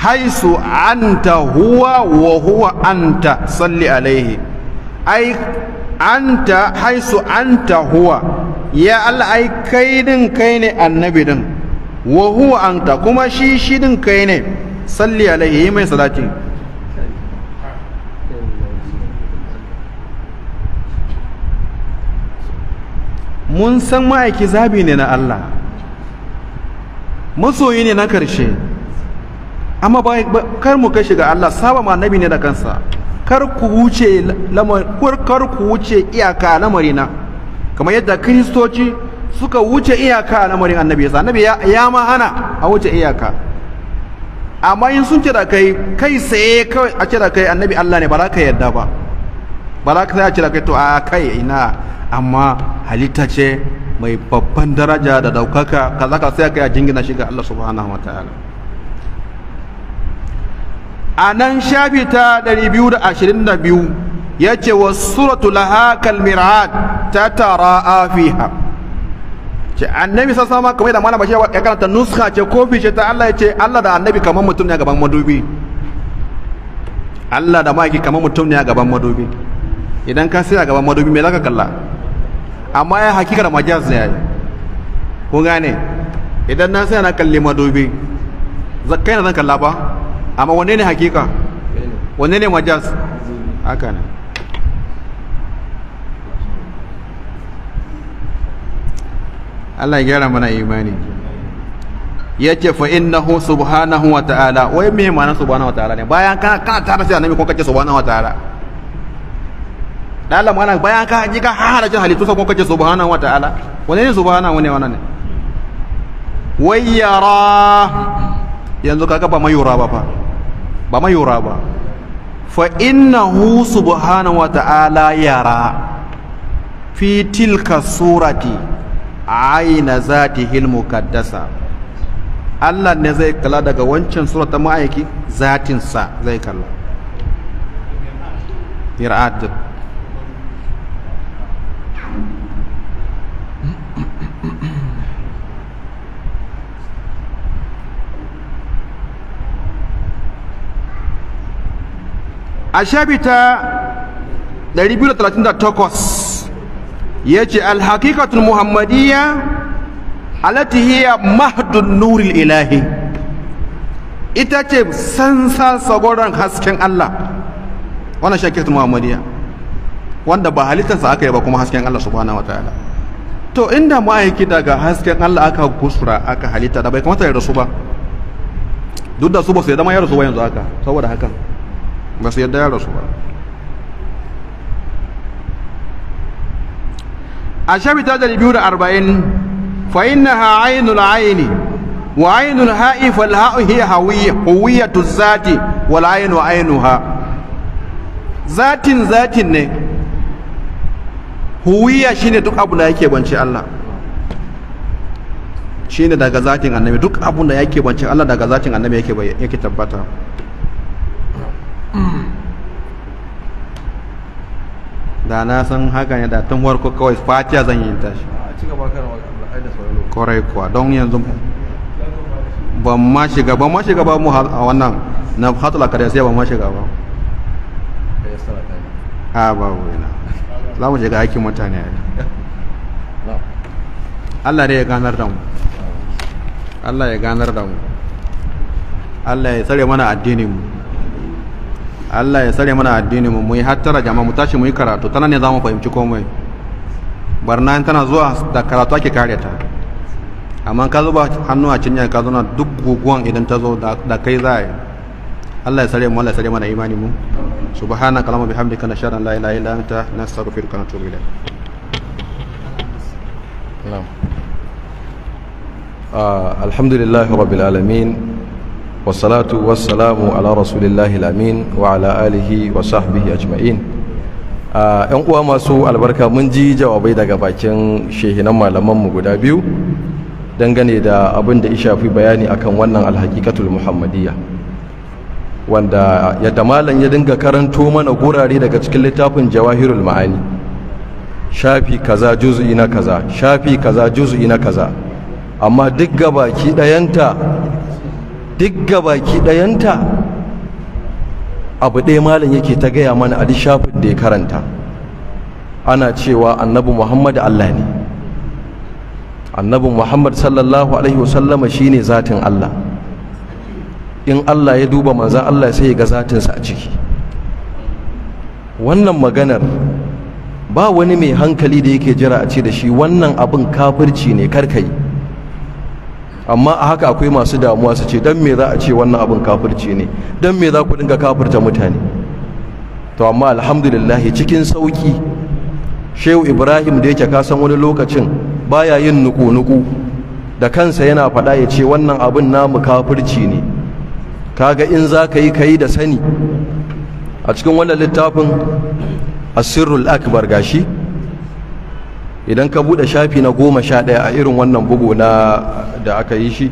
haisu anta huwa wa huwa anta salli alaihi ai anta haisu anta huwa ya Allah ai kai din kai ne annabi din wa huwa anta kuma shi shi din kai ne salli alaihi yi mai salati mun san ma'aiki zabi ne na Allah masoyi ne na karshe amma kar mu kai shiga Allah saba ma nabi ne da kansa kar ku wuce kar ku wuce iyaka kamar yadda kristoci suka wuce iyaka a lamarin annabi yasa annabi ya ma hana a wuce iyaka amma in sun kira kai kai sai kawai a kira kai annabi Allah ne ba za ka yarda ba ba za ka sai a kira kai to a kai ina amma halitta ce mai babban daraja da daukaka kaza ka sai kai a jingina shi ga Allah subhanahu wa ta'ala a nan shafi ta 222 ya ce wa suratu ta tara afiha ce annabi sa sama kamar da malama shi ya karanta nuska ce kofi ce ta Allah ya ce Allah da annabi kamar mutum ne a gaban madubi Allah da maki kamar mutum ne a gaban madubi idan ka sai a gaban madubi me zaka kalla amma ya hakika da majaz ne yayi ko gane idan na sai na kalli madubi zakkai na zan kalla ba amma wanne ne hakika wanne ne majaz haka ne Allah ya gyara mana imani yace fa innahu subhanahu wa ta'ala wai me ma'ana subhanahu wa ta'ala ne bayan ka ka tara sai annabi ko kace subhanahu wa ta'ala Allah mana bayan ka ji ka hahara jin halittu sai ko kace subhanahu wa ta'ala wane ne subhanahu ne wannan ne wai yara yanzu kaga ba mayura ba fa ba mayura ba fa innahu subhanahu wa ta'ala yara fi tilka surati aina zatihil mukaddasa Allah ne zai kalla daga wancan sura ta ma'aiki zatinsa zai kalla mir'at a 238 yace alhaqiqatul muhammadiyya allati hiya mahdun nuril ilahi ita ce sansa sagoran hasken Allah wannan shakitul muhammadiyya wanda ba halittarsa aka yi ba kuma hasken Allah subhanahu wataala to inda ma'aiki daga hasken Allah aka gusura aka halitta da bai kamata ya rasu ba duk da su ba su yadda ma ya rasu ba yanzu haka saboda hakan ba su yadda ya rasu ba a shafi ta ɗari biyu da arba'in fa innaha ainul aini wa ainul ha'i fal ha'u hiya huwiyatu zati wal ainu ainuha zatin zatin ne huwiya shine duk abu da yake bance Allah shine daga zatin annabi duk abun da yake bance Allah daga zatin annabi yake yake tabbata da na san haka ne da tun farko kawai fatiya zan yi tashi kawai kuwa don yanzu ba ma shiga ba ma shiga ba mu a wannan na hatula kare sai ba ma shiga ba a ba wina za mu shiga aikin mutane Allah ne ya ganar da mu Allah ya ganar da mu Allah ya tsare mana addinin mu Allah ya sare mana addini mu mu yi hattara jama'a mu tashi mu yi karatu tana ne za mu fahimci komai barna tana zuwa da karatu ake kare ta amma ka zuba hannu a cinya ka zauna duk guguwan idan ta zo da kai za yi Allah ya sare mu Allah ya sare mana imani mu subhanaka allahumma bihamdika nashhadu an la ilaha illa anta nastaghfiruka wa natubu ilayk ah, alhamdulillah rabbil alamin والصلاة ala rasulillahi رسول الله الأمين وعلى wa وصحبه ajma'in. ‘yan uwa masu albarka mun ji jawabai daga bakin shehinan malamanmu guda biyu dangane da abin da shafi bayani akan wannan alhaƙiƙatul muhammadiyya wanda yadda malam ya dinga karanto mana gurare daga cikin littafin jawahirul ma'ani shafi kaza juzu'i na kaza shafi kaza juzu'i na kaza amma duk baki ɗayanta duk gabaki ɗayanta abu ɗaya malam yake ta gaya mana a shafin da ya karanta ana cewa annabi muhammad allah ne annabi muhammad sallallahu alaihi wasallama ne zatin allah in allah ya duba manzan allah sai ya ga zatinsa a ciki wannan maganar ba wani mai hankali da yake jira a ce da shi wannan abin kafirci ne karkai amma a haka akwai masu damuwa su ce dan me za a ce wannan abin kafirci ne dan me za ku dinga kafirta mutane to amma alhamdulillah cikin sauki shehu ibrahim da yake kasan wani lokacin baya yin nuku-nuku da kansa yana faɗa ya ce wannan abin namu kafirci ne kaga in za ka yi ka yi da sani a cikin wannan littafin asirul akbar gashi idan ka buɗe shafi na goma sha ɗaya a irin wannan bugu na da aka yi shi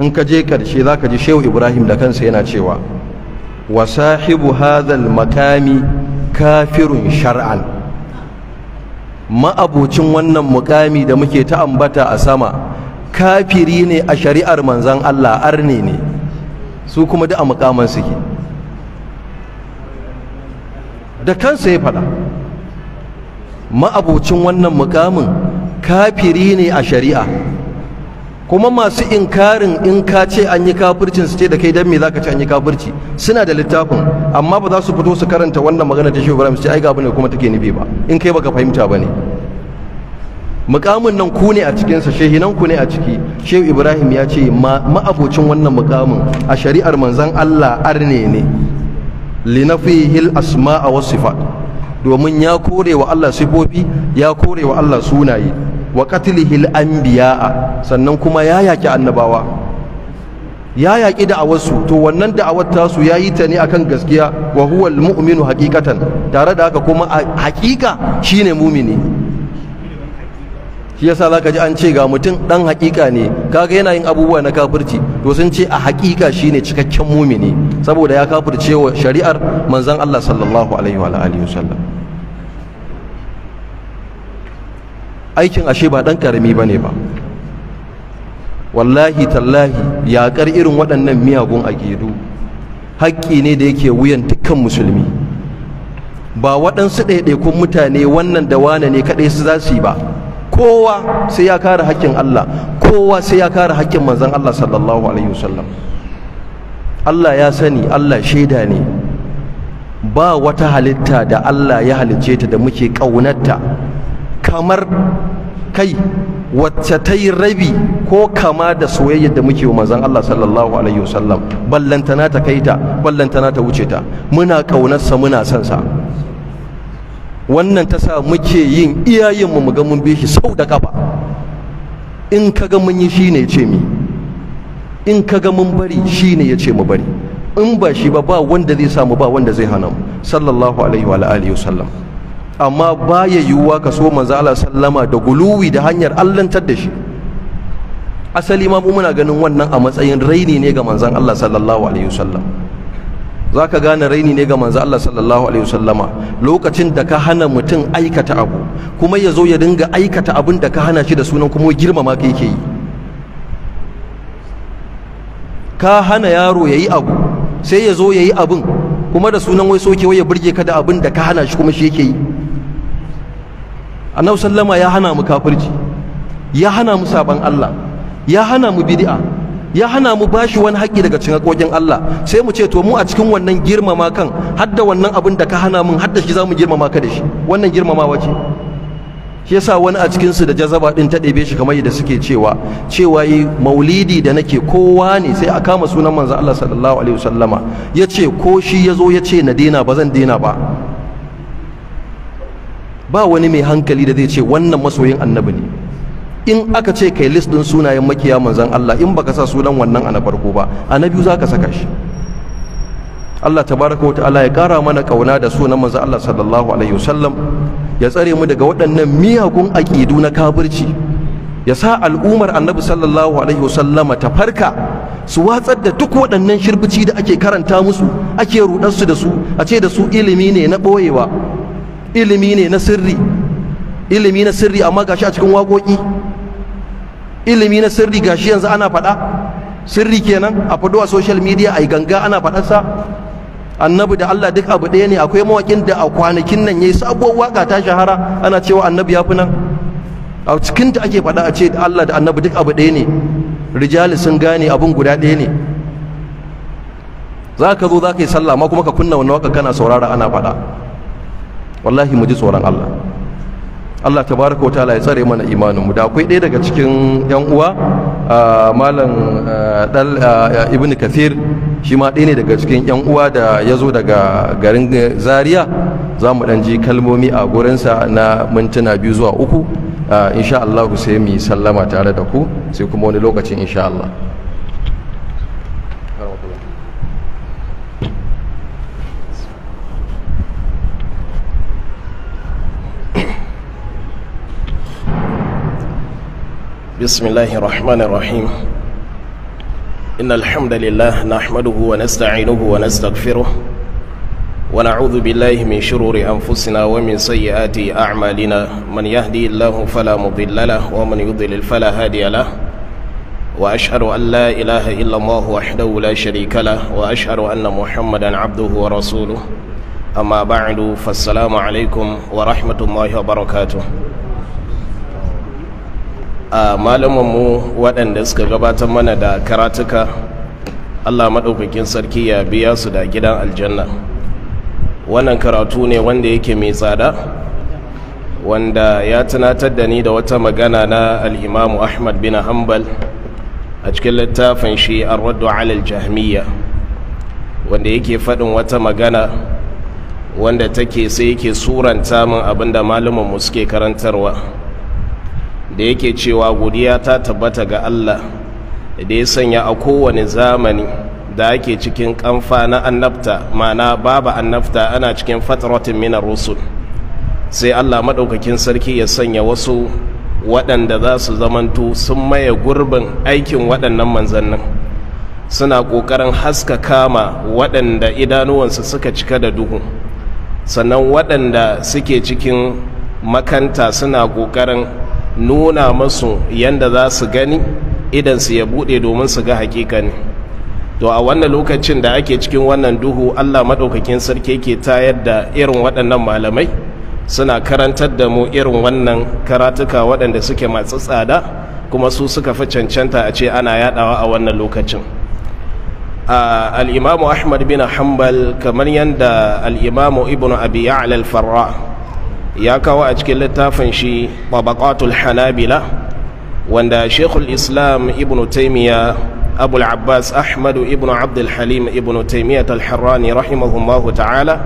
in ka je karshe za ka ji shehu ibrahim da kansa yana cewa wa sahibu hadhal makami kafirun shar'an ma'abucin wannan mukami da muke ta ambata a sama kafiri ne a shari'ar manzan Allah arne ne su kuma da a mukaman suke da kansa ya faɗa ma'abocin wannan mukamin kafiri ne a shari'a kuma masu inkarin in ka ce an yi kafircin su ce da kai dan me zaka ce an yi kafirci suna da littafin amma ba za su fito su karanta wannan magana ta Shehu Ibrahim su ce ai ga da kuma take nufi ba in kai baka fahimta ba bane mukamin nan ku ne a cikinsa nan ku ne a ciki shehu ibrahim ya ce ma'abocin wannan mukamin a shari'ar manzon allah arne ne linafihil asma'a wasu sifat domin ya kore wa Allah sifofi ya kore wa Allah sunaye wa katilihil anbiya'a sannan kuma ya yaki annabawa ya yaki da'awarsu to wannan da da'awar tasu ya yi ta ne akan gaskiya wa huwa almu'minu haqiqatan tare da haka kuma haqiqa shine mumini shi yasa ka ji an ce ga mutum ɗan haƙiƙa ne kaga yana yin abubuwa na kafirci to sun ce a haƙiƙa shi ne cikakken mumini saboda ya kafirce wa shari'ar manzan Allah sallallahu alaihi wa alihi wasallam aikin ashe ba ɗan ƙarami ba ne ba wallahi tallahi yakar irin waɗannan miyagun a gedu haƙƙi ne da yake wuyan dukkan musulmi ba waɗansu ɗaiɗaikun mutane wannan da wane ne kaɗai su za su yi ba kowa sai ya kare haƙƙin Allah kowa sai ya kare haƙƙin manzon Allah sallallahu alaihi wasallam Allah ya sani Allah shaida ne ba wata halitta da Allah ya halicce ta da muke ƙaunarta kamar kai wacce ta yi rabi ko kama da soyayyar da muke wa manzon Allah sallallahu alaihi wasallam ballantana ta kaita ballantana ta wuce ta muna ƙaunarsa muna son sa wannan ta sa muke yin iyayenmu mu ga mun bi shi sau da kafa in ka ga mun yi shine ce mi in ka ga mun bari shine ya ce mu bari in ba shi ba ba wanda zai samu ba wanda zai hana mu sallallahu alaihi wa alihi wasallam amma baya yiwuwa ka so manzo Allah sallama da guluwi da hanyar allantar da shi asali ma mu muna ganin wannan a matsayin raini ne ga manzon Allah sallallahu alaihi wasallam za ka gane raini ne ga manzo Allah sallallahu alaihi wasallama lokacin da ka hana mutum aikata abu kuma ya zo ya dinga aikata abin da ka hana shi da sunan kuma girmama ka yake yi ka hana yaro ya yi abu sai ya zo ya yi abin kuma da sunan wai soke wai ya burge ka da abin da ka hana shi kuma shi yake yi annabi sallama ya hana mu kafirci ya hana mu saban Allah ya hana mu bid'a ya hana mu bashi wani haƙƙi daga cikin haƙoƙin Allah sai mu ce to mu a cikin wannan girmama kan hadda wannan abin da ka hana mun hadda shi zamu girmama ka da shi wannan girmamawa ce shi yasa wani a cikin su da jazaba din ta ɗebe shi kamar yadda suke cewa cewa yi eh, maulidi da nake kowa ne sai a kama sunan manzo Allah sallallahu alaihi wasallama yace ko shi yazo yace na daina ba zan daina ba ba wani mai hankali da zai ce wannan masoyin annabi ne in aka ce kai list din sunayen makiya manzan Allah in baka sa sunan wannan a na farko ba a na biyu ka saka shi Allah tabaraka wata'ala ya kara mana kauna da sunan manzan Allah sallallahu alaihi wasallam ya tsare mu daga waɗannan miyagun ƙidu na kafirci ya sa al'ummar annabi sallallahu alaihi wasallama ta farka su watsar da duk waɗannan shirbici da ake karanta musu ake rudarsu da su a ce da su ilimi ne na ɓoyewa ilimi ne na sirri ilimi na sirri amma gashi a cikin waƙoƙi ilimi na sirri gashi yanzu ana faɗa sirri kenan a fado a social media a ganga ana faɗarsa annabi da Allah duk abu ɗaya ne akwai mawaƙin da a kwanakin nan yayi sabuwar waka ta shahara ana cewa annabi ya fi nan a cikin ta ake faɗa a ce Allah da annabi duk abu ɗaya ne rijali sun gane abun guda ɗaya ne za ka zo za ka yi sallah ma kuma ka kunna wani waka kana saurara ana faɗa wallahi mu ji tsoron Allah Allah tabaraka wa ta'ala ya tsare mana imanin mu da akwai ɗaya daga cikin yan uwa malam dal ibn kathir shi ma ɗaya ne daga cikin yan uwa da ya zo daga garin zaria za mu ɗan ji kalmomi a gurinsa na mintuna biyu zuwa uku insha Allah sai mu sallama tare da ku sai kuma wani lokacin insha Allah بسم الله الرحمن الرحيم إن الحمد لله نحمده ونستعينه ونستغفره ونعوذ بالله من شرور أنفسنا ومن سيئات أعمالنا من يهدي الله فلا مضل له ومن يضلل فلا هادي له وأشهد أن لا إله إلا الله وحده لا شريك له وأشهد أن محمدا عبده ورسوله أما بعد فالسلام عليكم ورحمة الله وبركاته a malamanmu waɗanda suka gabatar mana da karatuka allah maɗaukakin sarki ya biya su da gidan aljanna wannan karatu ne wanda yake mai tsada wanda ya tunatar da ni da wata magana na al'imamu ahmad bin hanbal a cikin littafin shi arwaddu alal jahmiya wanda yake faɗin wata magana wanda take sai yake suranta min abinda malamanmu suke karantarwa da yake cewa godiya ta tabbata ga Allah da ya sanya a kowane zamani da ake cikin kamfa na annabta mana babu annabta ana cikin fatratin minar rusul sai Allah maɗaukakin sarki ya sanya wasu waɗanda za su zamantu sun maye gurbin aikin waɗannan manzannin suna ƙoƙarin haska kama waɗanda idanuwansu suka cika da duhu sannan waɗanda suke cikin makanta suna ƙoƙarin nuna masu yadda za su gani idan su ya bude domin su ga hakika ne to a wannan lokacin da ake cikin wannan duhu Allah maɗaukakin sarki ke tayar da irin waɗannan malamai suna karantar da mu irin wannan karatuka waɗanda suke masu tsada kuma su suka fi cancanta a ce ana yadawa a wannan lokacin al'imamu ahmad bin hanbal kamar yadda al'imamu ibn abi al-farra ya kawo a cikin littafin shi babakatul hanabila wanda shekul islam ibn taimiyya abul abbas ahmadu ibn abdul halim ibn taimiyyat al-harrani ta'ala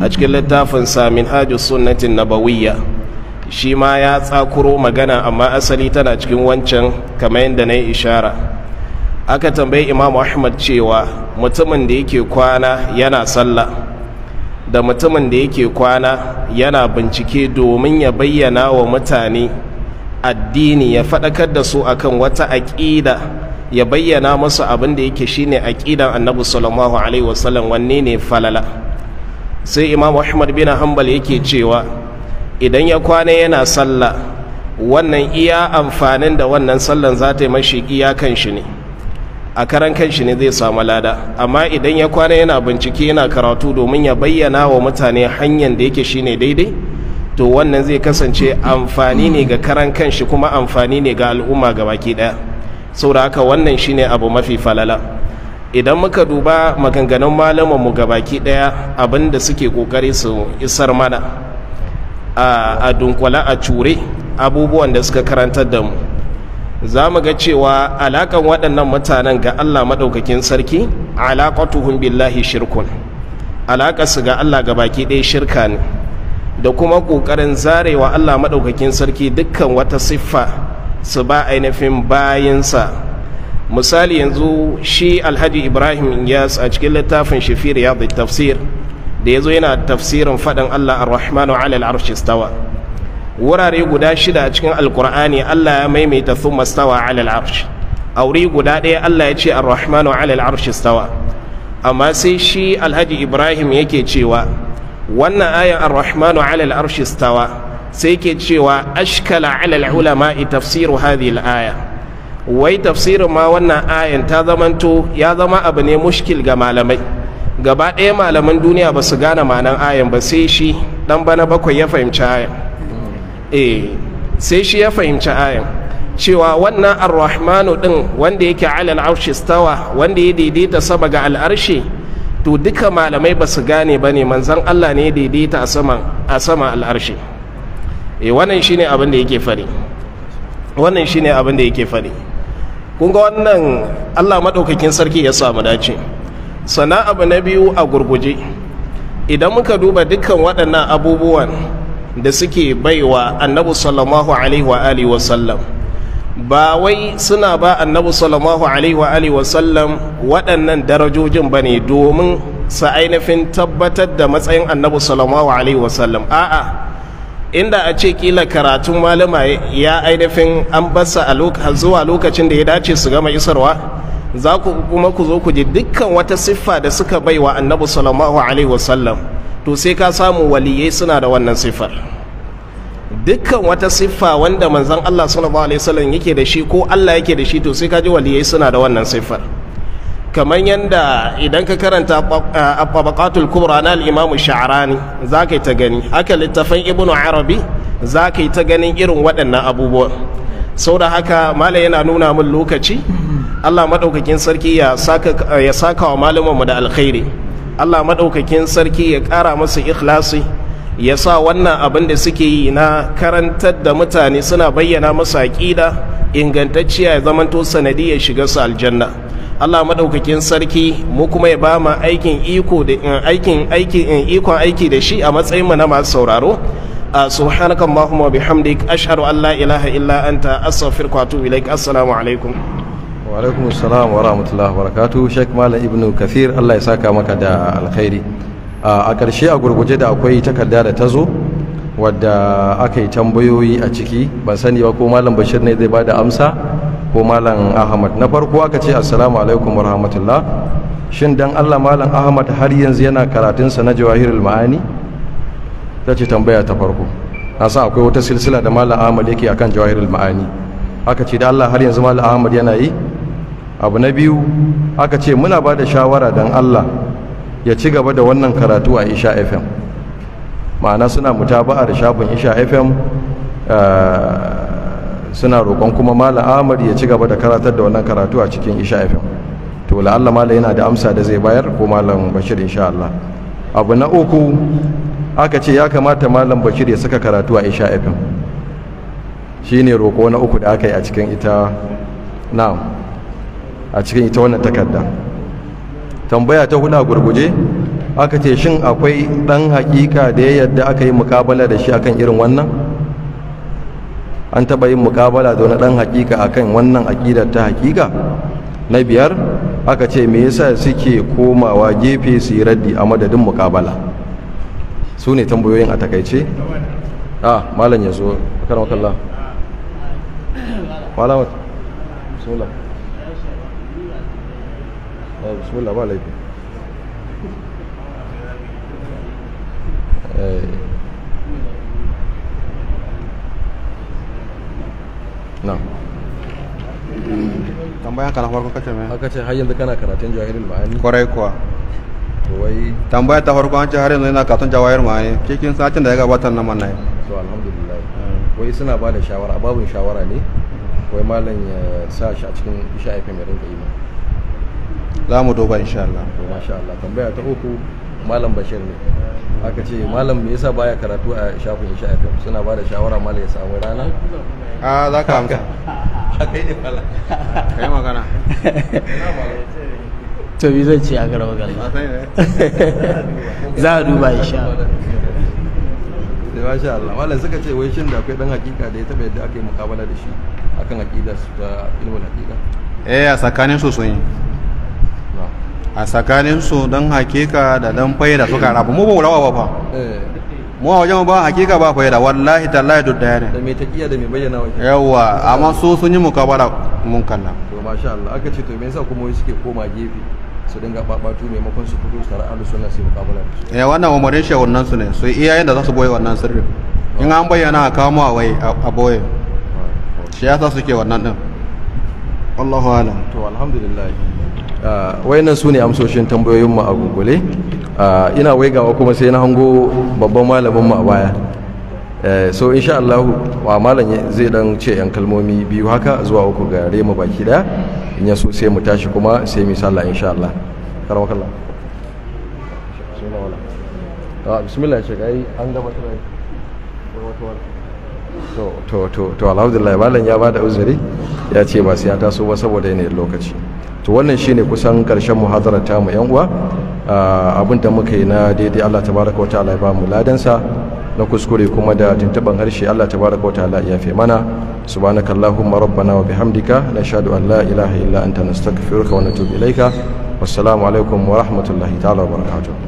a cikin littafin samin hajji sunnatin nabawiyya shi ma ya tsakuro magana amma asali tana cikin wancan kamar yadda na yi ishara aka tambayi imam ahmad cewa mutumin da yake kwana yana sallah da mutumin da yake kwana yana bincike domin ya bayyana wa mutane addini ya faɗakar da su akan wata aƙida ya bayyana masu abin da yake shine aƙidan annabi salamahu alaihi wasallam wanne ne falala sai imam ahmad bin hanbal yake cewa idan ya kwana yana sallah wannan iya amfanin da wannan sallan za ta yi mashi iyakan shi ne a karan kanshi ne zai samu lada amma idan ya kwana yana bincike yana karatu domin ya bayyana wa mutane hanyar da yake shine daidai to wannan zai kasance amfani ne ga karan kanshi kuma amfani ne ga al'umma ga baki daya saboda haka wannan shine abu mafi falala idan muka duba maganganun malaman mu ga baki daya abinda suke kokari su isar mana a dunkwala a cure abubuwan da suka karantar da mu za mu ga cewa alakan waɗannan mutanen ga Allah maɗaukakin sarki alaƙatuhun billahi shirkun alaƙarsu ga Allah ga baki ɗaya shirka ne da kuma ƙoƙarin zarewa Allah maɗaukakin sarki dukkan wata siffa su ba ainihin bayansa misali yanzu shi alhaji ibrahim yas a cikin littafin shafir ya tafsir da ya zo yana tafsirin faɗin Allah ar-rahmanu alal arshi stawa wurare guda shida a cikin alkur'ani Allah ya maimaita mastawa stawa ala al'arsh aure guda ɗaya Allah ya ce ar-rahmanu arshi stawa amma sai shi Alhaji Ibrahim yake cewa wannan aya ar-rahmanu ala al'arsh stawa sai yake cewa ashkala ala ulama i tafsiru hadhihi al-aya wai tafsirin ma wannan ayan ta zamanto ya zama abu ne mushkil ga malamai gaba ɗaya malaman duniya ba su gane ma'anan ayan ba sai shi ɗan bana bakwai ya fahimci ayan eh sai shi ya fahimci ayan cewa wannan arrahmanu din wanda yake alal arshi stawa wanda ya daidaita sama ga al'arshi to duka malamai ba su gane ba ne manzan Allah ne daidaita a sama al'arshi e wannan shine abin da yake fari wannan ne abin da yake fari kun ga wannan Allah maɗaukakin sarki ya samu dace sana abu na biyu a gurguje idan muka duba dukkan waɗannan abubuwan da suke baiwa annabi sallallahu alaihi wa alihi wasallam ba wai suna ba annabi sallallahu alaihi wa alihi sallam waɗannan darajojin ba ne domin sa ainihin tabbatar da matsayin annabi sallallahu alaihi sallam a'a inda a ce kila karatun malama ya ainihin an basa a zuwa lokacin da ya dace su gama isarwa za ku kuma ku zo ku ji dukkan wata siffa da suka baiwa annabi sallallahu alaihi sallam. to sai ka samu waliyai suna da wannan siffar dukkan wata siffa wanda manzon Allah sallallahu alaihi wasallam yake da shi ko Allah yake da shi to sai ka ji waliyai suna da wannan siffar kamar yadda idan ka karanta ababaqatul eh, kubra na al-imamu sha'rani zaka ta gani haka littafin ibnu arabi zaka ta ganin irin waɗannan abubuwa da haka malam yana nuna min lokaci Allah madaukakin sarki ya saka wa malamanmu da alkhairi Allah maɗaukakin sarki ya ƙara masa ikhlasi ya sa wannan abin da suke yi na karantar da mutane suna bayyana masa aƙida ingantacciya ya zamanto sanadi ya shiga su aljanna Allah maɗaukakin sarki mu kuma ya ba ma aikin iko da aikin aiki in ikon aiki da shi a matsayin mu na masu sauraro subhanakallahumma wa bihamdik ashhadu an la ilaha illa anta astaghfiruka wa atubu ilaik assalamu alaikum wa alaikum assalam wa rahmatullahi wa barakatuh sheik malam ibnu kathir Allah ya saka maka da alkhairi a ƙarshe a gurguje da akwai takarda da ta zo wadda aka yi tambayoyi a ciki ban sani ba ko malam bashir ne zai ba da amsa ko malam ahmad na farko aka ce assalamu alaikum wa rahmatullah shin dan Allah malam ahmad har yanzu yana karatunsa na jawahirul ma'ani ta ce tambaya ta farko na san akwai wata silsila da malam ahmad yake akan jawahirul ma'ani aka ce da Allah har yanzu malam ahmad yana yi abu na biyu aka ce muna ba da shawara don allah ya ci gaba da wannan karatu a isha fm ma'ana suna mutaba'ar shafin isha fm eh, suna roƙon kuma Malam amur ya ci gaba da karatar da wannan karatu a cikin isha fm to la'alla malam yana da amsa da zai bayar ko malam bashir insha allah abu na uku aka ce ya kamata malam bashir ya saka karatu a isha fm shine roƙo na uku da aka yi a cikin ita na'am a cikin ita wannan takarda tambaya ta huda gurguje aka ce shin akwai ɗan hakika da ya yadda aka yi mukabala da shi akan irin wannan an taɓa yin mukabala da wani dan hakika akan wannan aƙidar ta hakika na biyar aka ce me yasa suke komawa gefe su yi raddi a madadin mukabala su ne tambayoyin a takaice a malam ya zo karamakallah wala wata Eh, bismillah ba laifi eh. na tambayan ka na farko kace me aka ce har yanzu kana karatun jawahirul ma'ani kwarai kuwa wai tambaya ta farko an ce har yanzu yana karatun jawahirul ma'ani cikin satin da ya gabatar na manna to alhamdulillah eh. wai suna ba da shawara babin shawara ne wai malam ya sa shi a cikin isha FM ya rinka yi ma. za mu duba insha Allah to masha Allah tambaya ta uku malam bashir ne aka ce malam me yasa baya karatu a shafin insha fm suna ba da shawara malam ya samu rana a za ka amsa akai ne fala kai magana to bi zan ce a garba galma za a duba insha Allah masha Allah malam suka ce wai shin da akwai dan hakika da ya taba yadda aka yi mukabala da shi akan aqida su da ilmul aqida eh a tsakanin su sun yi a tsakaninsu don hakika da don faida suka rabu mu ba wulawa ba fa eh. mu a wajen ba hakika ba faida wallahi tallahi duk daya ne da mai taƙiya da mai bayyana wajen yawa amma su sun yi mukabara mun kalla. to masha Allah aka ce to me yasa kuma suke koma gefe su dinga babatu maimakon su fito su tare ahlus sunna sai mukabara eh wannan umarin shi wannan su ne su iyayen da za su boye wannan sirrin in an bayyana a kawo mu a waye a boye shi yasa suke wannan din Allahu alam to alhamdulillah Ah, wayannan su ne amsoshin tambayoyinmu a gungule ah, ina waigawa kuma sai na hango babban malaminmu a baya eh, so insha Allah wa malam zai dan ce yan kalmomi biyu haka zuwa uku gare mu baki daya in ya so sai mu tashi kuma sai mu sallah insha Allah karwakallah ah, bismillah shi kai an gaba da to to to alhamdulillah malam ya bada uzuri ya ce ba sai ya taso ba saboda yanayin lokaci to wannan shine kusan karshen muhadara ta mu yan uwa ah, abin da muka yi na daidai Allah tabaraka wataala ya ba mu ladansa na kuskure kuma da tuntuban harshe Allah tabaraka wataala ya fi mana subhanakallahumma rabbana wa bihamdika nashhadu an la ilaha illa anta nastaghfiruka wa natubu ilaika wassalamu alaikum wa rahmatullahi ta'ala wa barakatuh